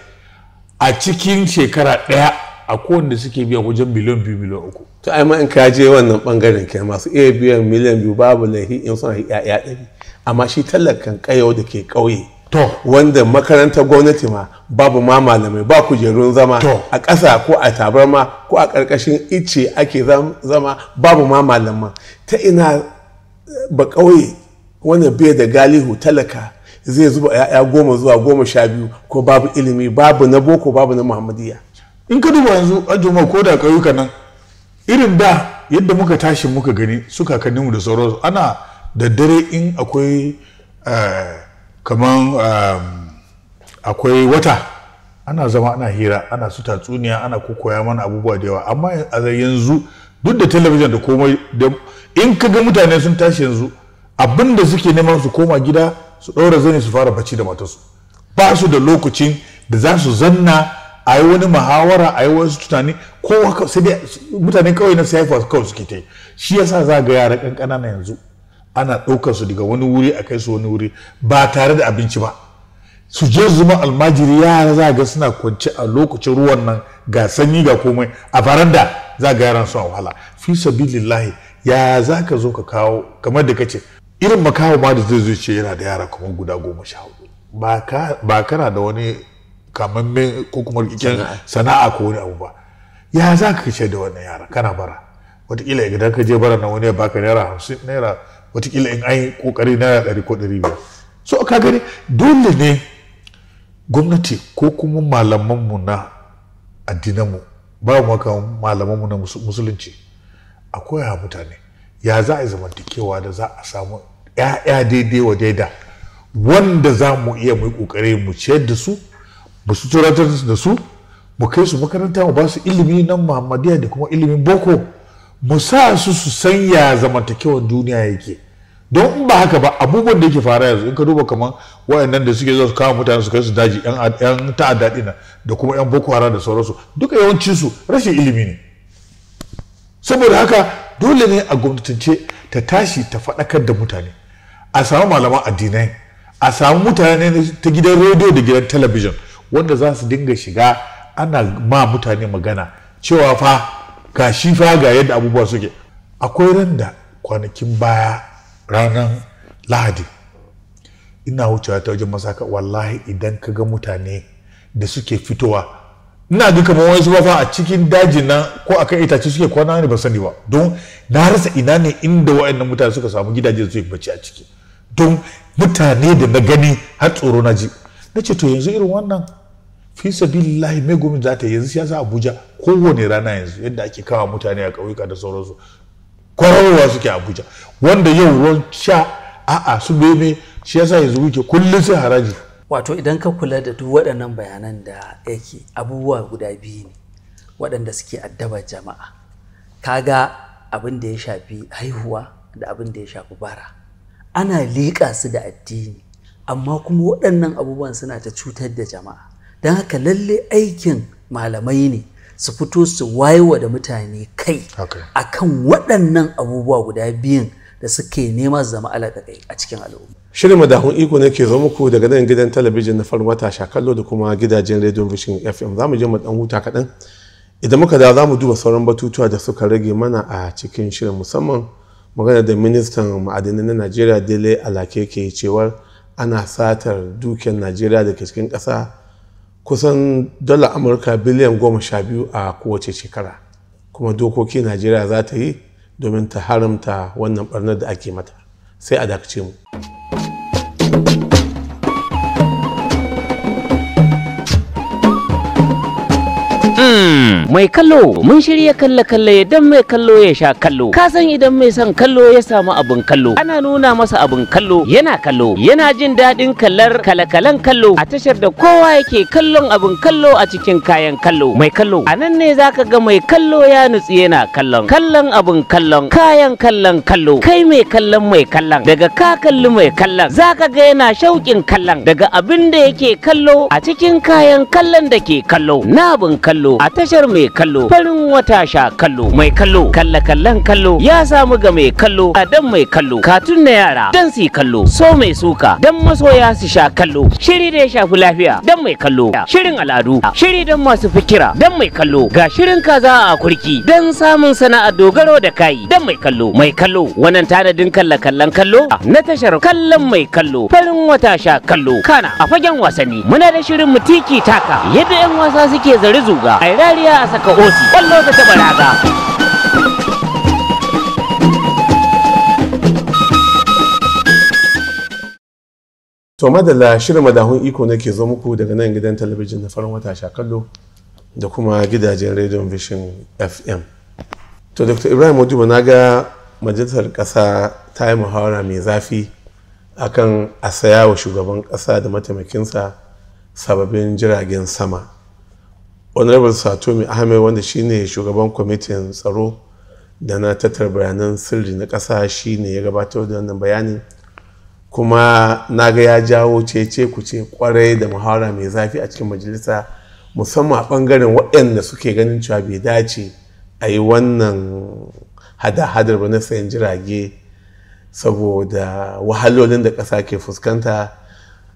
a cikin shekara ɗaya a kowanne suke biya wajen miliyan biyu miliyan uku to ai ma in ka je wannan bangaren ke masu iya biyan miliyan biyu babu laifi in suna yi ya'ya ɗari amma shi talakan ƙayau da ke ƙauye to wanda makarantar gwamnati ma babu ma malamai ba kujerun zama a ƙasa ko a tabarma ko a ƙarƙashin ice ake zama babu ma malamai ta ina ba ƙauye wannan bai da galihu talaka zai zuba ya'ya goma zuwa goma sha biyu ko babu ilimi babu na boko babu na muhammadiyya in ka duba yanzu ajuma ko da ƙauyuka nan irin da yadda muka tashi muka gani su kakanninmu da sauransu ana da dare in akwai eh, kaman eh, akwai wata ana zama ana hira ana su tatsuniya ana kokoya mana abubuwa da yawa amma a yanzu duk da talabijin da komai in ka ga mutane sun tashi yanzu Abinda suke neman su koma gida su ɗaura zane su fara bacci da matarsu ba su da lokacin da za su zanna a yi wani muhawara a yi wasu tunani ko sai mutane kawai na siyafa kawai suke ta yi shi yasa za ga yara kankana na yanzu ana ɗaukar su daga wani wuri a kai su wani wuri ba tare da abinci ba su je zuma almajiri yara za ga suna kwance a lokacin ruwan nan ga sanyi ga komai a faranda za ga yaran su a wahala fi sabilillahi ya za ka zo ka kawo kamar da kace irin makaho ma da zai zuce yana da yara kuma guda goma sha hudu ba kana da wani kamamme ko kuma rikikin sana'a ko wani abu ba ya za ka ce da wannan yara kana bara wataƙila idan ka je bara na wani ya baka naira hamsin naira watakila in an yi ƙoƙari naira ɗari ko ɗari biyar so ka gani dole ne gwamnati ko kuma malamanmu na addinanmu ba mu maka malamanmu na musulunci a koya mutane ya za a yi zamantakewa da za a samu 'ya'ya daidai wa daida wanda za mu iya mu yi mu ciyar da su mu turatar da su mu kai su makaranta mu ba su ilimi na muhammadiyya da kuma ilimin boko mu sa su su sanya zamantakewan duniya yake don in ba haka ba abubuwan da yake fara yanzu in ka duba kamar wayannan da suke zuwa su kawo mutane su kai su daji yan ta'adda dina da kuma yan boko haram da sauransu duka yawancin su rashin ilimi ne saboda haka dole ne a gwamnatance ta tashi ta faɗakar da mutane a samu malaman addinai a samu mutane ta gidan rediyo da gidan talabijin wanda za su dinga shiga ana ma mutane magana cewa fa ga shi fa ga yadda abubuwa suke akwai ran da kwanakin baya ranar lahadi ina wucewa ta wajen masaka wallahi idan ka ga mutane da suke fitowa ina ga kamar wani ba a cikin daji na ko akan itace suke kwana ne ba sani ba don na rasa ina ne inda wa'annan mutane suka samu gidaje su yi bacci a ciki don mutane da na gani har tsoro na ji na ce to yanzu irin wannan fi sabilillahi mai gomi za ta yanzu siyasa abuja kowane rana yanzu yadda ake kama mutane a ƙauyuka da sauransu kwararowa suke abuja wanda yau ruwan sha a'a su bebe shi yasa yanzu muke kullum sai haraji wato idan ka kula da duk waɗannan bayanan da yake abubuwa guda biyu ne waɗanda suke addaba jama'a kaga abin da ya shafi haihuwa da abin da ya shafi bara ana liƙa su da addini amma kuma waɗannan abubuwan suna ta cutar da jama'a don haka lalle aikin malamai ne su fito su wayewa da mutane kai a kan waɗannan abubuwa guda biyun da suke nema su zama alaƙaƙai a cikin al'umma. Shirin madahun iko ne ke zo muku daga nan gidan talabijin na farin wata da kuma gidajen rediyon vision fm za mu je mu ɗan huta kaɗan idan muka da za mu duba sauran batutuwa da suka rage mana a cikin shirin musamman magana da ministan ma'adanai na najeriya dele alake ke cewar ana satar dukiyar najeriya da ke cikin ƙasa kusan dala amurka biliyan goma sha biyu a kowace shekara kuma dokoki najeriya za ta yi domin ta haramta wannan barnar da ake mata sai a dakace mu. mai kallo mun shirya kalle kalle idan mai kallo ya sha kallo ka san idan mai son kallo ya samu abin kallo ana nuna masa abin kallo yana kallo yana jin daɗin kallar kalakalan kallo a tashar da kowa yake kallon abin kallo a cikin kayan kallo mai kallo a nan ne zaka ga mai kallo ya nutsi yana kallon kallon abin kallon kayan kallon kallo kai mai kallon mai kallon daga ka kalli mai kallon zaka ga yana shauƙin kallon daga abin da yake kallo a cikin kayan kallon da ke kallo na abin kallo a tashar mai mai kallo farin wata sha kallo mai kallo kalla kallan kallo ya samu ga mai kallo a dan mai kallo katun na yara dan su kallo so mai suka dan masoya su sha kallo shiri da ya shafi lafiya dan mai kallo shirin al'adu shiri dan masu fikira dan mai kallo ga shirin kaza a kurki dan samun sana'a dogaro da kai dan mai kallo mai kallo wannan tanadin kalla kallan kallo na tashar kallon mai kallo farin wata sha kallo kana a fagen wasanni muna da shirin mutiki taka yadda yan wasa suke zare zuga a rariya a saka osi ta to madalla shirin madahun iko nake zo muku daga nan gidan talabijin na farin wata shakallo da kuma gidajen radio vision fm to dr ibrahim modibo na ga majalisar ƙasa ta yi muhawara mai zafi akan a saya wa shugaban ƙasa da mataimakinsa sababbin jiragen sama honorable satomi ahmed wanda shine shugaban kwamitin tsaro da na tattara bayanan sirri na ƙasa shine ya gabatar da wannan bayanin kuma na ga ya jawo cece kuce kwarai da muhawara mai zafi a cikin majalisa musamman a ɓangaren waɗanda suke ganin cewa bai dace a yi wannan hada-hadar ba na sayan jirage saboda wahalolin da ƙasa ke fuskanta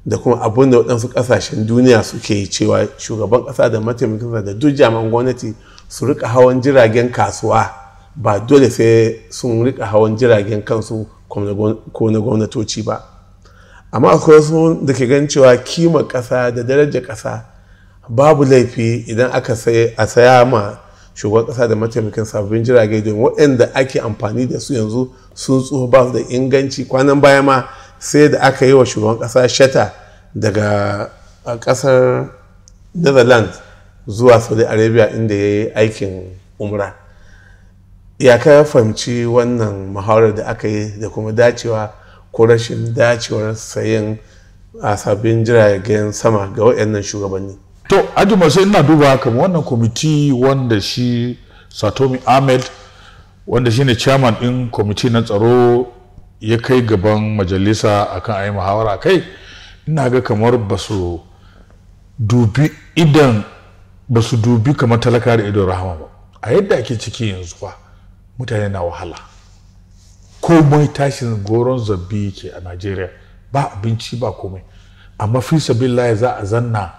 da kuma abin da waɗansu ƙasashen duniya suke cewa shugaban ƙasa da mataimakin da duk jami'an gwamnati su rika hawan jiragen kasuwa ba dole sai sun rika hawan jiragen kansu ko na gwamnatoci ba amma akwai wasu da ke gan cewa kima ƙasa da darajar ƙasa babu laifi idan aka a saya ma shugaban ƙasa da mataimakin sabbin jirage domin waɗanda ake amfani da su yanzu sun tsoho ba su da inganci kwanan baya ma sai da aka yi wa shugaban ƙasa shata daga ƙasar netherlands zuwa saudi arabia inda ya yi aikin umra ya ka fahimci wannan muhawarar da aka yi da kuma dacewa ko rashin dacewar sayin a sabbin jiragen sama ga waɗannan shugabanni to ajima sai ina duba kamar wannan kwamiti wanda shi satomi ahmed wanda shine chairman din kwamiti na tsaro ya kai gaban majalisa akan a yi muhawara kai ina ga kamar ba su dubi idan ba su dubi kamar talaka da idon rahama ba a yadda ake ciki yanzu ba mutane na wahala komai tashin goron zabi ke a najeriya ba abinci ba komai amma fi sabillahi za a zanna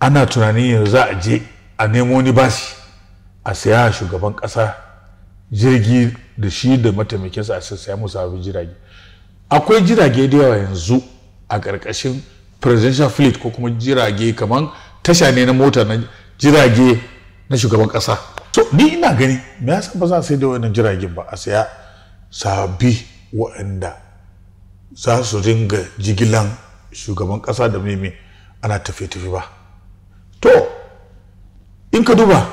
ana tunanin yanzu za a je a nemo ni bashi a saya shugaban kasa jirgi da shi da mataimakinsa a sassaya musu abin jirage akwai jirage da yawa yanzu a ƙarƙashin presidential fleet ko kuma jirage kamar tasha ne na mota na jirage na shugaban ƙasa so ni ina gani me yasa ba za a sai da wannan jiragen ba a saya sabi waɗanda za su ringa jigilan shugaban ƙasa da meme ana tafi-tafi ba to in ka duba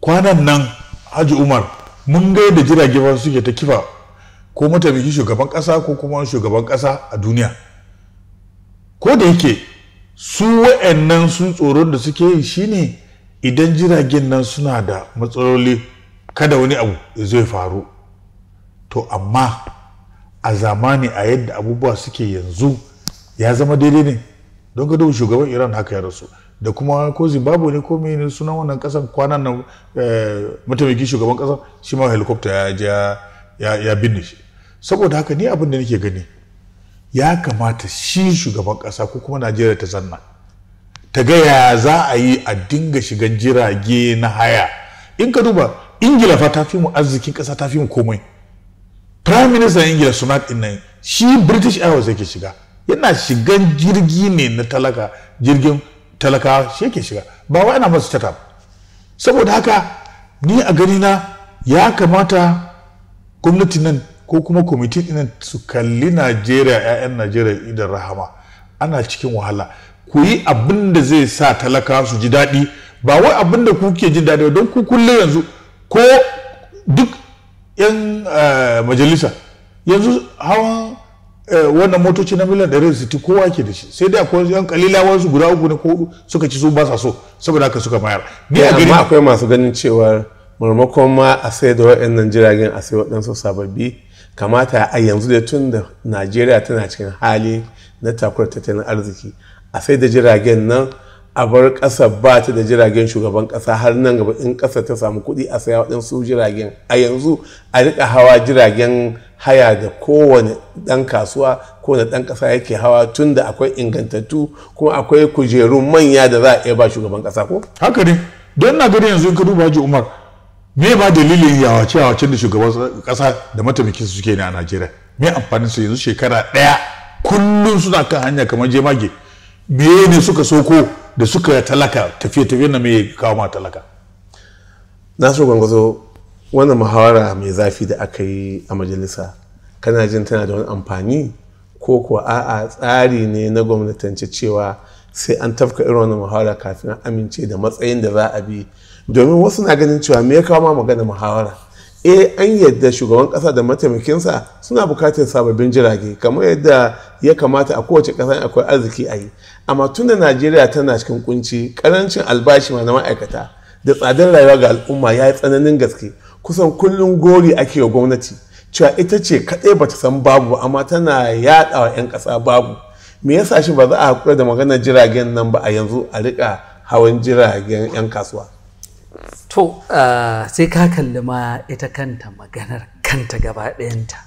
kwanan nan haji umar mun ga yadda jirage ba suke ta kifa ko mataimakin shugaban kasa ko kuma shugaban kasa a duniya ko da yake su wa'annan sun tsoro da suke yi shine idan jiragen nan suna da matsaloli kada wani abu zai faru to amma a zamani a yadda abubuwa suke yanzu ya zama daidai ne don gado shugaban iran haka ya rasu da kuma ko zimbabwe ne ko ne sunan wannan kasan kwanan na eh, mataimakin shugaban ƙasa? shi ma helicopter ya ja ya binne shi saboda haka ni abin da nake gani ya kamata shi shugaban kasa ko kuma najeriya ta zanna ta ga ya za a yi a dinga shigan jirage na haya in ka duba ingila fa ta fi mu arzikin kasa ta fi mu komai prime minister ingila sunat din nan shi british airways yake shiga yana shigan jirgi ne na talaka jirgin Talaka shi yake shiga ba wa ana masu cata saboda haka ni a gani na ya kamata gwamnati nan ko kuma kwamitin nan su kalli najeriya 'ya'yan najeriya idan rahama ana cikin wahala ku yi abin da zai sa talaka su ji daɗi ba wai abin da kuke jin daɗi don ku kulle yanzu ko duk 'yan eh, majalisa yanzu hawan Eh, wannan motoci na miliyan 160 kowa ke da shi sai dai akwai yan kalila wasu guda uku ne ko suka ci su ba sa so saboda haka suka mayar ni a eh, gari akwai masu ganin cewa marmakon ma a sai da waɗannan jiragen a sai waɗansu sababbi kamata a yanzu da tun da najeriya tana cikin hali na takurar tattalin arziki a sai da jiragen nan a bar ƙasa ba ta da jiragen shugaban ƙasa har nan gaba in ƙasa ta samu kuɗi a saya waɗansu jiragen a yanzu a riƙa hawa jiragen haya da kowane ɗan kasuwa da ɗan ƙasa yake hawa tun da akwai ingantattu kuma akwai kujerun manya da za a iya ba shugaban ƙasa ko haka ne don na gani yanzu ka duba ji umar me ba dalilin yawace yawacen da shugaban ƙasa da mataimakin suke ne a najeriya me amfanin su yanzu shekara ɗaya kullum suna kan hanya kamar jemage me ne suka soko da suka talaka tafiye-tafiye na mai kawo ma talaka na nasu gwangwazo wani muhawara mai zafi da aka yi a majalisa kana jin tana da wani amfani ko kuwa a'a tsari ne na gwamnatance cewa sai an tafka irin wani muhawara kafin amince da matsayin da za a bi domin wasu na ganin cewa me ya kawo ma magana muhawara eh an yadda shugaban kasa da mataimakinsa suna bukatar sababbin jirage kamar yadda ya kamata a kowace kasa akwai arziki a yi amma tunda najeriya tana cikin kunci karancin albashi ma na ma'aikata da tsadar rayuwa ga al'umma ya yi tsananin gaske kusan kullum gori ake wa gwamnati cewa ita ce kaɗai ba ta san babu amma tana yaɗa wa 'yan ƙasa babu me yasa shi ba za a haƙura da maganar jiragen nan ba a yanzu a riƙa hawan jiragen 'yan kasuwa to eh, sai ka kalli ma ita kanta maganar kanta gaba ɗayanta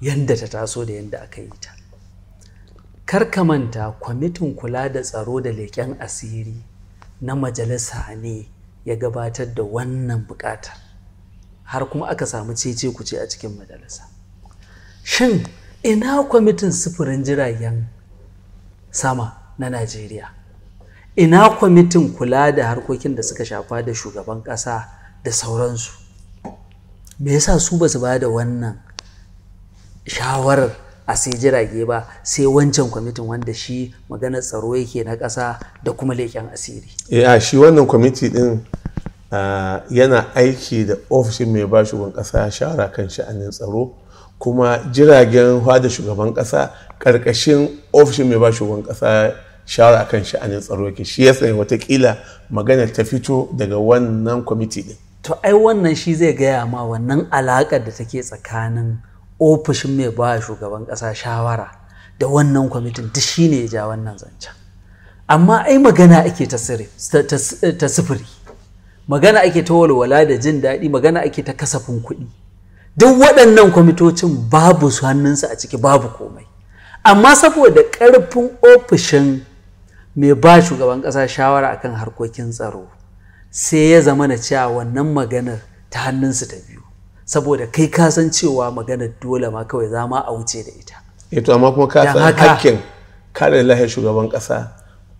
yadda ta taso da yadda aka yi ta kar ka manta kwamitin kula da tsaro da leƙen asiri na majalisa ne ya gabatar da wannan buƙatar, har kuma aka samu cece kuce a cikin majalisa shin ina kwamitin sufurin jiragen sama na najeriya ina kwamitin kula da harkokin da suka shafa da shugaban ƙasa da sauransu me yasa su ba su ba da wannan shawarar a sai jirage ba sai wancan kwamitin wanda shi magana tsaro yake na ƙasa da kuma leƙen asiri eh, a shi wannan kwamiti din yana aiki da ofishin mai ba shugaban ƙasa shara kan sha'anin tsaro kuma jiragen hada shugaban ƙasa ƙarƙashin ofishin mai ba shugaban ƙasa shawara kan sha'anin tsaro yake shi ya sanya watakila magana ta fito daga wannan kwamiti din to ai wannan shi zai gaya ma wannan alaƙar da take tsakanin ofishin mai ba shugaban ƙasa shawara da wannan kwamitin duk shi ne ya ja wannan zancen amma ai magana ake ta sufuri, magana ake ta walwala da jin daɗi magana ake ta kasafin kuɗi duk waɗannan kwamitocin babu su hannunsa a ciki babu komai amma saboda ƙarfin ofishin mai ba shugaban ƙasa shawara akan harkokin tsaro sai ya zama na cewa wannan maganar ta hannunsu ta biyu saboda kai ka san cewa maganar dole ma kawai za ma a wuce da ita Ito e amma kuma ka san hakkin kare lahiyar shugaban ƙasa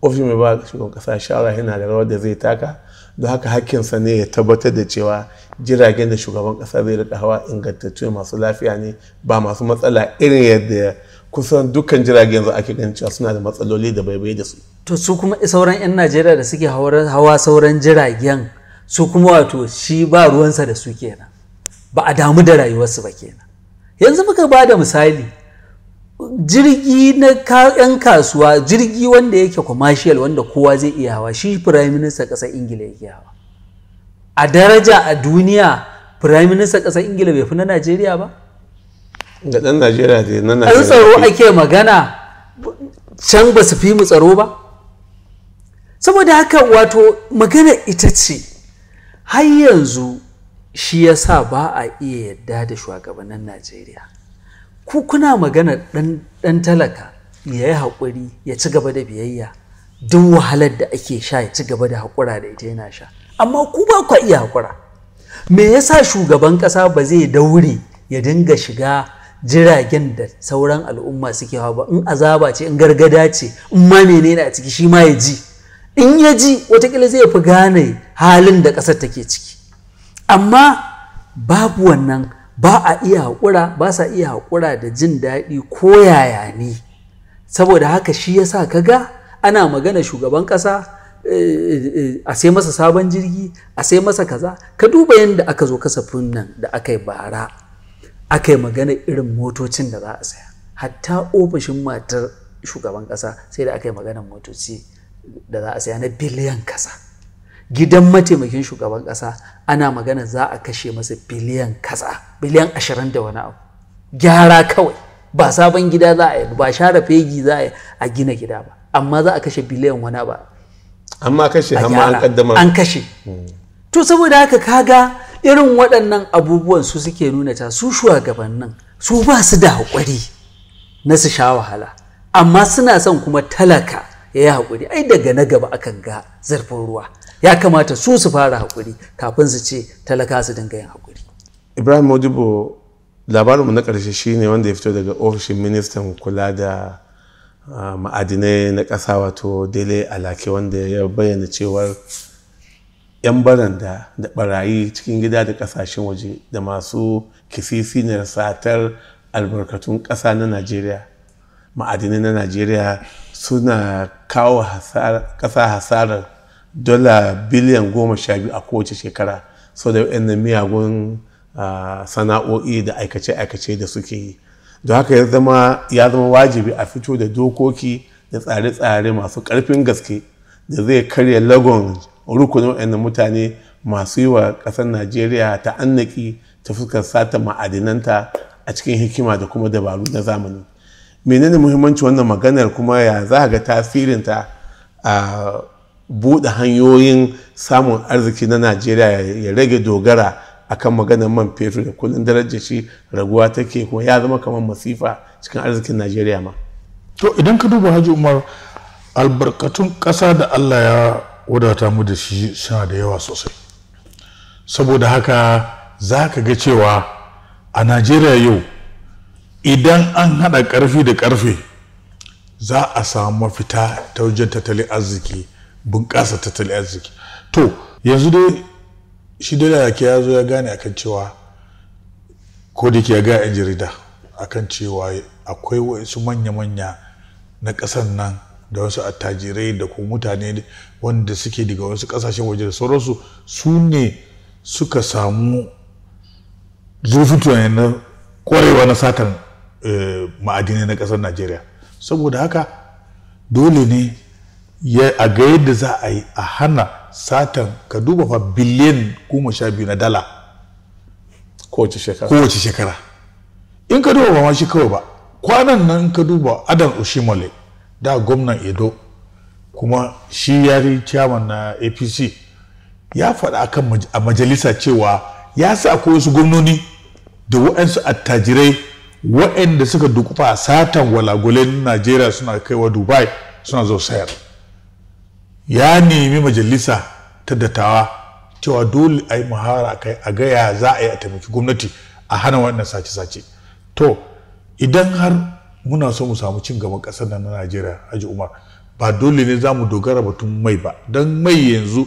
ofishin mai ba shugaban ƙasa shawara yana da rawar da zai taka don haka hakkinsa ne ya tabbatar da cewa jiragen da shugaban ƙasa zai rika hawa ingantattu masu lafiya ne ba masu matsala irin yadda kusan dukkan jirage yanzu ake ganin cewa suna da matsaloli da baibai da su to su kuma sauran 'yan najeriya da suke hawa sauran jiragen su kuma wato shi ba ruwansa da su kenan ba a damu da rayuwarsu ba kenan yanzu muka ba da misali jirgi na 'yan kasuwa jirgi wanda yake commercial wanda kowa zai iya hawa shi prime minister ƙasar ingila yake hawa a daraja a duniya prime minister ƙasar ingila bai fi na najeriya ba ɗan najeriya da na najeriya an tsaro ake magana can ba su fi mu tsaro ba saboda haka wato magana ita ce har yanzu shi ya sa ba a iya yadda da shugabannin najeriya ku kuna magana ɗan talaka ya yi haƙuri ya ci gaba da biyayya duk wahalar da ake sha ya ci gaba da haƙura da ita yana sha amma ku ba ku iya haƙura me yasa shugaban ƙasa ba zai daure ya dinga shiga jiragen da sauran al'umma suke hawa ba in azaba ce in gargada ce in ma ne a ciki shi ma ya ji in ya ji watakila zai fi gane halin da ƙasar take ciki amma babu wannan ba a iya haƙura ba sa iya haƙura da jin daɗi ko yaya ne saboda haka shi ya yasa kaga ana magana shugaban ƙasa eh, eh, eh, a sai masa sabon jirgi a sai masa kaza ka duba yadda aka zo kasafin nan da aka yi bara aka yi magana irin motocin da za a saya hatta ofishin matar shugaban kasa, sai da aka yi magana motoci da za a saya na biliyan kasa gidan mataimakin shugaban kasa ana magana za a kashe masa biliyan kasa biliyan ashirin da wani abu gyara kawai ba sabon gida za a yi ba share fegi za a yi a gina gida ba amma za a kashe biliyan wani ba amma kashe amma an kaddama an kashe hmm. to saboda haka kaga irin waɗannan abubuwan su suke nuna ta su shugabannin su ba su da haƙuri na su sha wahala amma suna son kuma talaka ya yi haƙuri ai daga na gaba akan ga zarfin ruwa ya kamata su su fara haƙuri kafin su ce talaka su dinga yin haƙuri ibrahim modibo labarinmu na ƙarshe shine wanda ya fito daga ofishin ministan kula da ah, ma'adinai na ƙasa wato dele alake wanda ya bayyana cewar 'yan baranda da barayi cikin gida da kasashen waje da masu kisisi na satar albarkatun ƙasa na najeriya ma'adinai na najeriya suna kawo ƙasa hasarar dola biliyan goma sha biyu a kowace shekara sau da yan miyagun ah, sana'o'i da aikace-aikace da suke yi don haka ya zama wajibi a fito da dokoki da tsare-tsare masu ƙarfin gaske da zai karya lagon rukunin wa'annan mutane masu yi wa ƙasar najeriya ta annaki ta fuskar sata ma'adinanta a cikin hikima da kuma dabaru na zamani menene muhimmanci wannan maganar kuma ya za ga tasirinta a buɗe hanyoyin samun arziki na najeriya ya rage dogara akan maganar man fetur da kullum darajar shi raguwa take kuma ya zama kamar masifa cikin arzikin najeriya ma to idan ka duba haji umar albarkatun ƙasa da allah ya wadata mu da shi suna da yawa sosai saboda haka za ka ga cewa a najeriya yau idan an haɗa ƙarfi da ƙarfe za a samu mafita ta wajen tattalin arziki bunƙasa tattalin arziki to yanzu dai shi da ke ya zo ya gane akan cewa ko da ke ga yan jarida akan cewa akwai wasu manya-manya na ƙasar nan da wasu attajirai da kuma mutane wanda suke daga wasu kasashen waje da sauransu su ne suka samu zurfin tunani na kwarewa na satan eh, ma'adinai na kasar najeriya saboda haka dole ne a ga yadda za a yi a hana satan ka duba fa biliyan goma sha biyu na dala kowace shekara in ka duba ba ma shi kawai ba kwanan nan ka duba adam ushimole da gwamnan edo kuma shi yari chairman na apc ya faɗa akan a majalisa cewa ya sa akwai wasu gwamnoni da waɗansu attajirai waɗanda suka dukufa a satan walagulen najeriya suna kaiwa dubai suna zo sayar ya nemi majalisa ta dattawa cewa dole a yi muhara kai a gaya za a yi a taimaki gwamnati a hana wannan sace-sace to idan har muna so mu samu cin gaban ƙasar nan na Najeriya Haji Umar ba dole ne za mu dogara batun mai ba don mai yanzu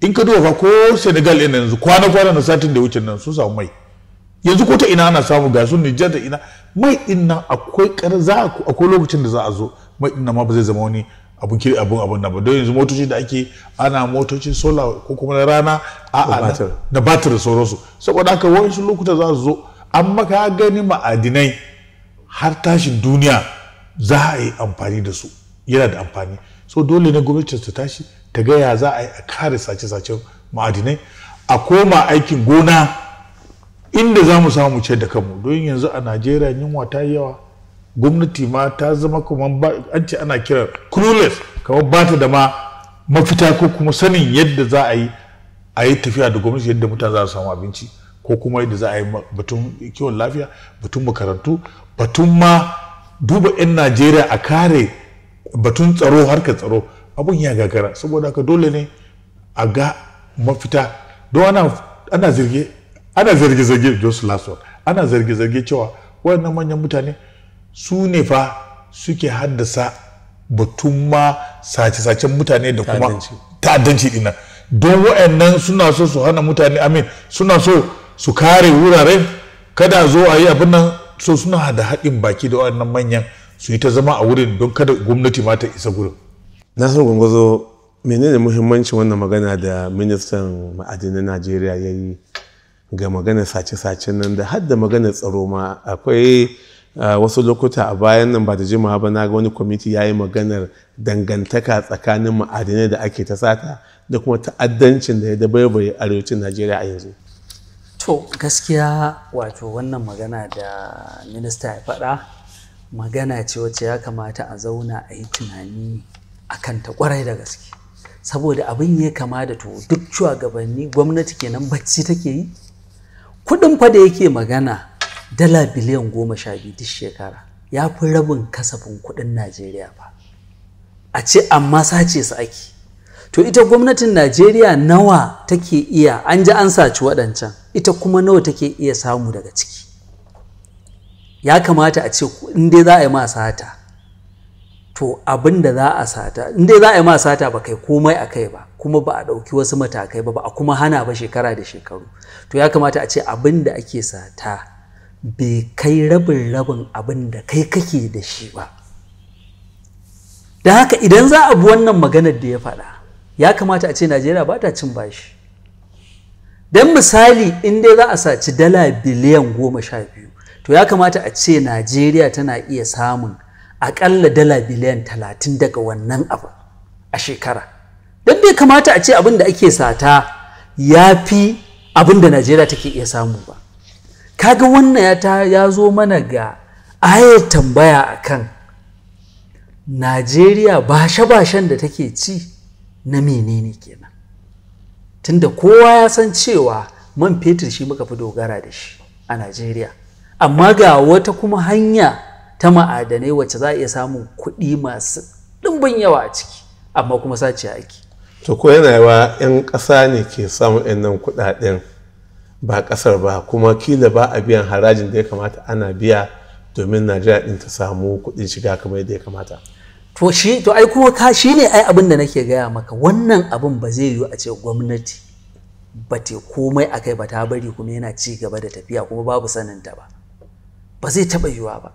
in ka duba ko Senegal ɗin yanzu kwana kwana na satin da wuce nan sun samu mai yanzu ko ta ina ana samu ga su Niger da ina mai ɗin nan akwai ƙar za akwai lokacin da za a zo mai ɗin nan ma ba zai zama wani abun kiri abun abun nan ba don yanzu motoci da ake ana motocin solar ko kuma na rana a da batir da sauransu saboda haka wani lokuta za su zo amma ka gani ma'adinai har tashin duniya za a yi amfani da su yana da amfani so dole ne gwamnati ta tashi ta gaya ya za a yi a kare sace-sacen ma'adinai a koma aikin gona inda za mu samu ce da kanmu don yanzu a najeriya yunwa ta yawa gwamnati ma ta zama kamar an ce ana kiran clueless kamar ba ta da ma mafita ko kuma sanin yadda za a yi a yi tafiya da gwamnati yadda mutane za su samu abinci ko kuma yadda za a yi batun kiwon lafiya batun makarantu batun ma duba 'yan najeriya a kare batun tsaro harkar tsaro abun ya gagara saboda haka dole ne a ga mafita don ana ana zirge ana zarge zarge josu lasuwa ana zarge zarge cewa waɗannan manyan mutane su ne fa suke haddasa batun ma sace-sacen mutane da kuma ta'addanci dinnan don waɗannan suna so su hana mutane amin suna so su kare wuraren kada zo a yi abin nan so suna da haɗin baki da wannan manyan su yi ta zama a wurin don kada gwamnati ma ta isa gurin san gwangwazo menene muhimmancin wannan magana da ministan na najeriya ya yi ga magana sace sace nan da har da magana tsaro ma akwai wasu lokuta a bayan nan ba da jimawa ba na ga wani kwamiti ya yi maganar dangantaka tsakanin ma'adinai da ake ta sata da kuma ta'addancin da ya dabaibaye arewacin najeriya a yanzu to gaskiya wato wannan magana da minista ya faɗa magana ce wacce ya kamata a zauna a yi tunani a kanta kwarai da gaske saboda abin ya kama da to duk shugabanni gwamnati kenan bacci take yi kuɗin fa da yake magana dala biliyan goma sha biyu duk shekara ya fi rabin kasafin kuɗin najeriya ba a ce amma sace su ake to ita gwamnatin najeriya nawa take iya an ji an saci waɗancan ita kuma nawa take iya samu daga ciki ya kamata a ce in za a yi ma sata to abin da za a sata in za a yi ma sata ba kai komai a kai ba kuma ba a ɗauki wasu matakai ba ba a kuma hana ba shekara da shekaru to ya kamata a ce abin da ake sata bai kai rabin rabin abin da kai kake da shi ba da haka idan za a bi wannan maganar da ya faɗa ya kamata a ce najeriya ba ta cin bashi don misali in dai za a saci dala biliyan goma sha biyu to ya kamata a ce najeriya tana iya samun aƙalla dala biliyan talatin daga wannan abu a shekara don bai kamata a ce abin da ake sata ya fi abin da najeriya take iya samu ba kaga wannan ya, ya zo mana ga ayar tambaya akan najeriya bashe-bashen da take ci na menene kenan tunda kowa ya san cewa man fetur shi muka fi dogara da shi a najeriya amma ga wata kuma hanya ta ma'adanai wacce za a iya samun kuɗi masu ɗumbin yawa a ciki amma kuma sace ake to ko yana yawa 'yan ƙasa ne ke samun 'yan nan kuɗaɗen ba ƙasar ba kuma kila ba a biyan harajin da ya kamata ana biya domin najeriya ɗin ta samu kuɗin shiga kamar yadda ya kamata to shi to ai kuma ka shi ne ai abin da nake gaya maka wannan abin ba zai yiwu a ce gwamnati ba ta komai a kai ba ta bari kuma yana ci gaba da tafiya kuma babu saninta ba ba zai taɓa yiwuwa ba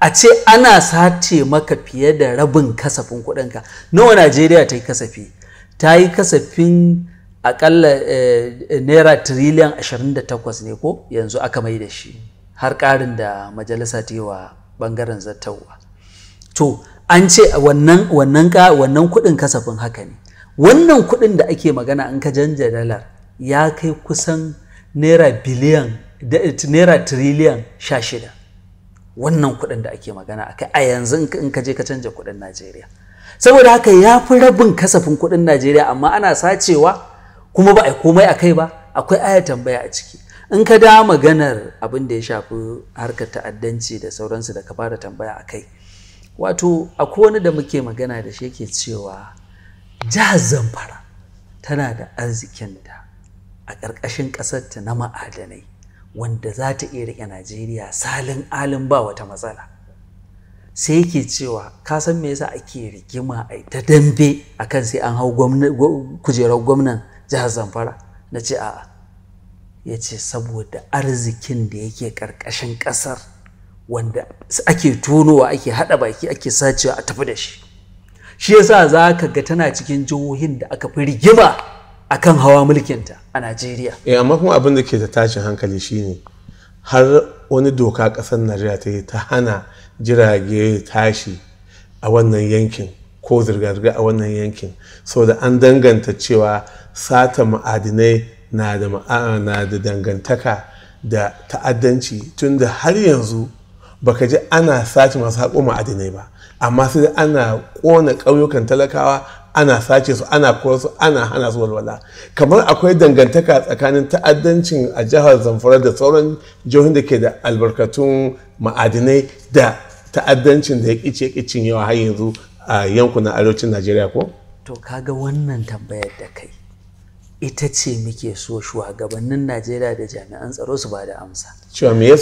a ce ana sace maka fiye da rabin kasafin kuɗinka nawa najeriya ta yi kasafi ta yi kasafin akalla eh, naira tiriliyan 28 ne ko yanzu aka mai da shi har ƙarin da majalisa ta yi wa ɓangaren zattawa to an ce wannan wannan kuɗin kasafin haka ne wannan kuɗin da ake magana an ka janja dalar ya kai kusan naira biliyan naira triliyan sha shida wannan kuɗin da ake magana a kai a yanzu in ka je ka canja kuɗin najeriya saboda haka ya fi rabin kasafin kuɗin najeriya amma ana sacewa kuma ba a komai a kai ba akwai aya tambaya a ciki in ka da maganar abin da ya shafi harkar ta'addanci da sauransu da ka fara tambaya a kai wato akwai wani da muke magana da shi yake cewa jihar zamfara tana da arzikin arzikinta a ƙarƙashin ƙasar ta na ma'adanai wanda za ta iya riƙe najeriya salin alin ba wata matsala sai yake cewa ka san me yasa ake rigima a ta dambe a kan sai an hau kujerar gwamnan jihar zamfara na ce a'a ya ce saboda arzikin da yake ƙarƙashin ƙasar wanda ake tonowa ake haɗa baki ake sacewa a tafi da shi shi yasa za ka ga tana cikin jihohin da aka fi rigima a kan hawa mulkinta a najeriya eh amma kuma abin da ke da tashin hankali shine har wani doka ƙasar najeriya ta yi ta hana jirage tashi a wannan yankin ko zirga-zirga a wannan yankin saboda an danganta cewa sata ma'adinai na da dangantaka da ta'addanci tunda har yanzu baka ji ana sace masu haƙo ma'adinai ba amma sai ana ƙona ƙauyukan talakawa ana sace su ana kora su ana hana su walwala kamar akwai dangantaka tsakanin ta'addancin a jihar zamfara da sauran jihohin da ke da albarkatun ma'adinai da ta'addancin da ya ƙice ƙicin yawa har yanzu a yankunan arewacin najeriya ko to kaga wannan tambayar da kai ita ce muke so shugabannin najeriya da jami'an tsaro su ba da amsa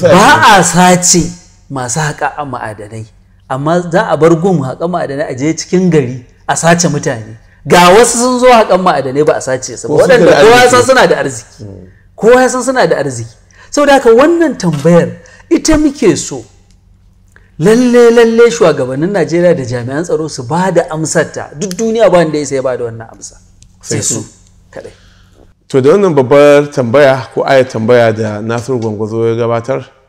ba a sace masu haƙa ma'adanai amma za a bar gun haƙa ma'adanai a je cikin gari a sace mutane ga wasu sun zo haƙan ma'adanai ba a sace su waɗanda kowa san suna da arziki hmm. kowa san suna da arziki saboda haka wannan tambayar ita muke so lalle lalle shugabannin Najeriya da jami'an tsaro su ba da amsar ta duk duniya ba wanda ya sai ba da wannan amsa sai su kadai to da wannan babbar tambaya ko aya tambaya da Nasiru Gwangwazo ya gabatar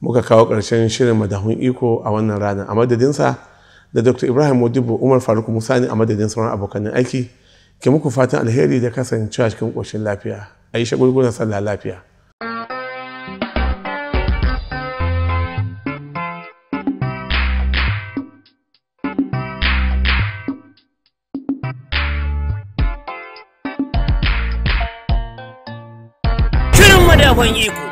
muka kawo ƙarshen shirin madahun iko a wannan rana a madadinsa da dr ibrahim modibo umar faruk Musa ne a madadin sauran abokanin aiki ke muku fatan alheri da kasancewa cikin koshin lafiya a yi shagulgunan sallah lafiya Shirin madahun iko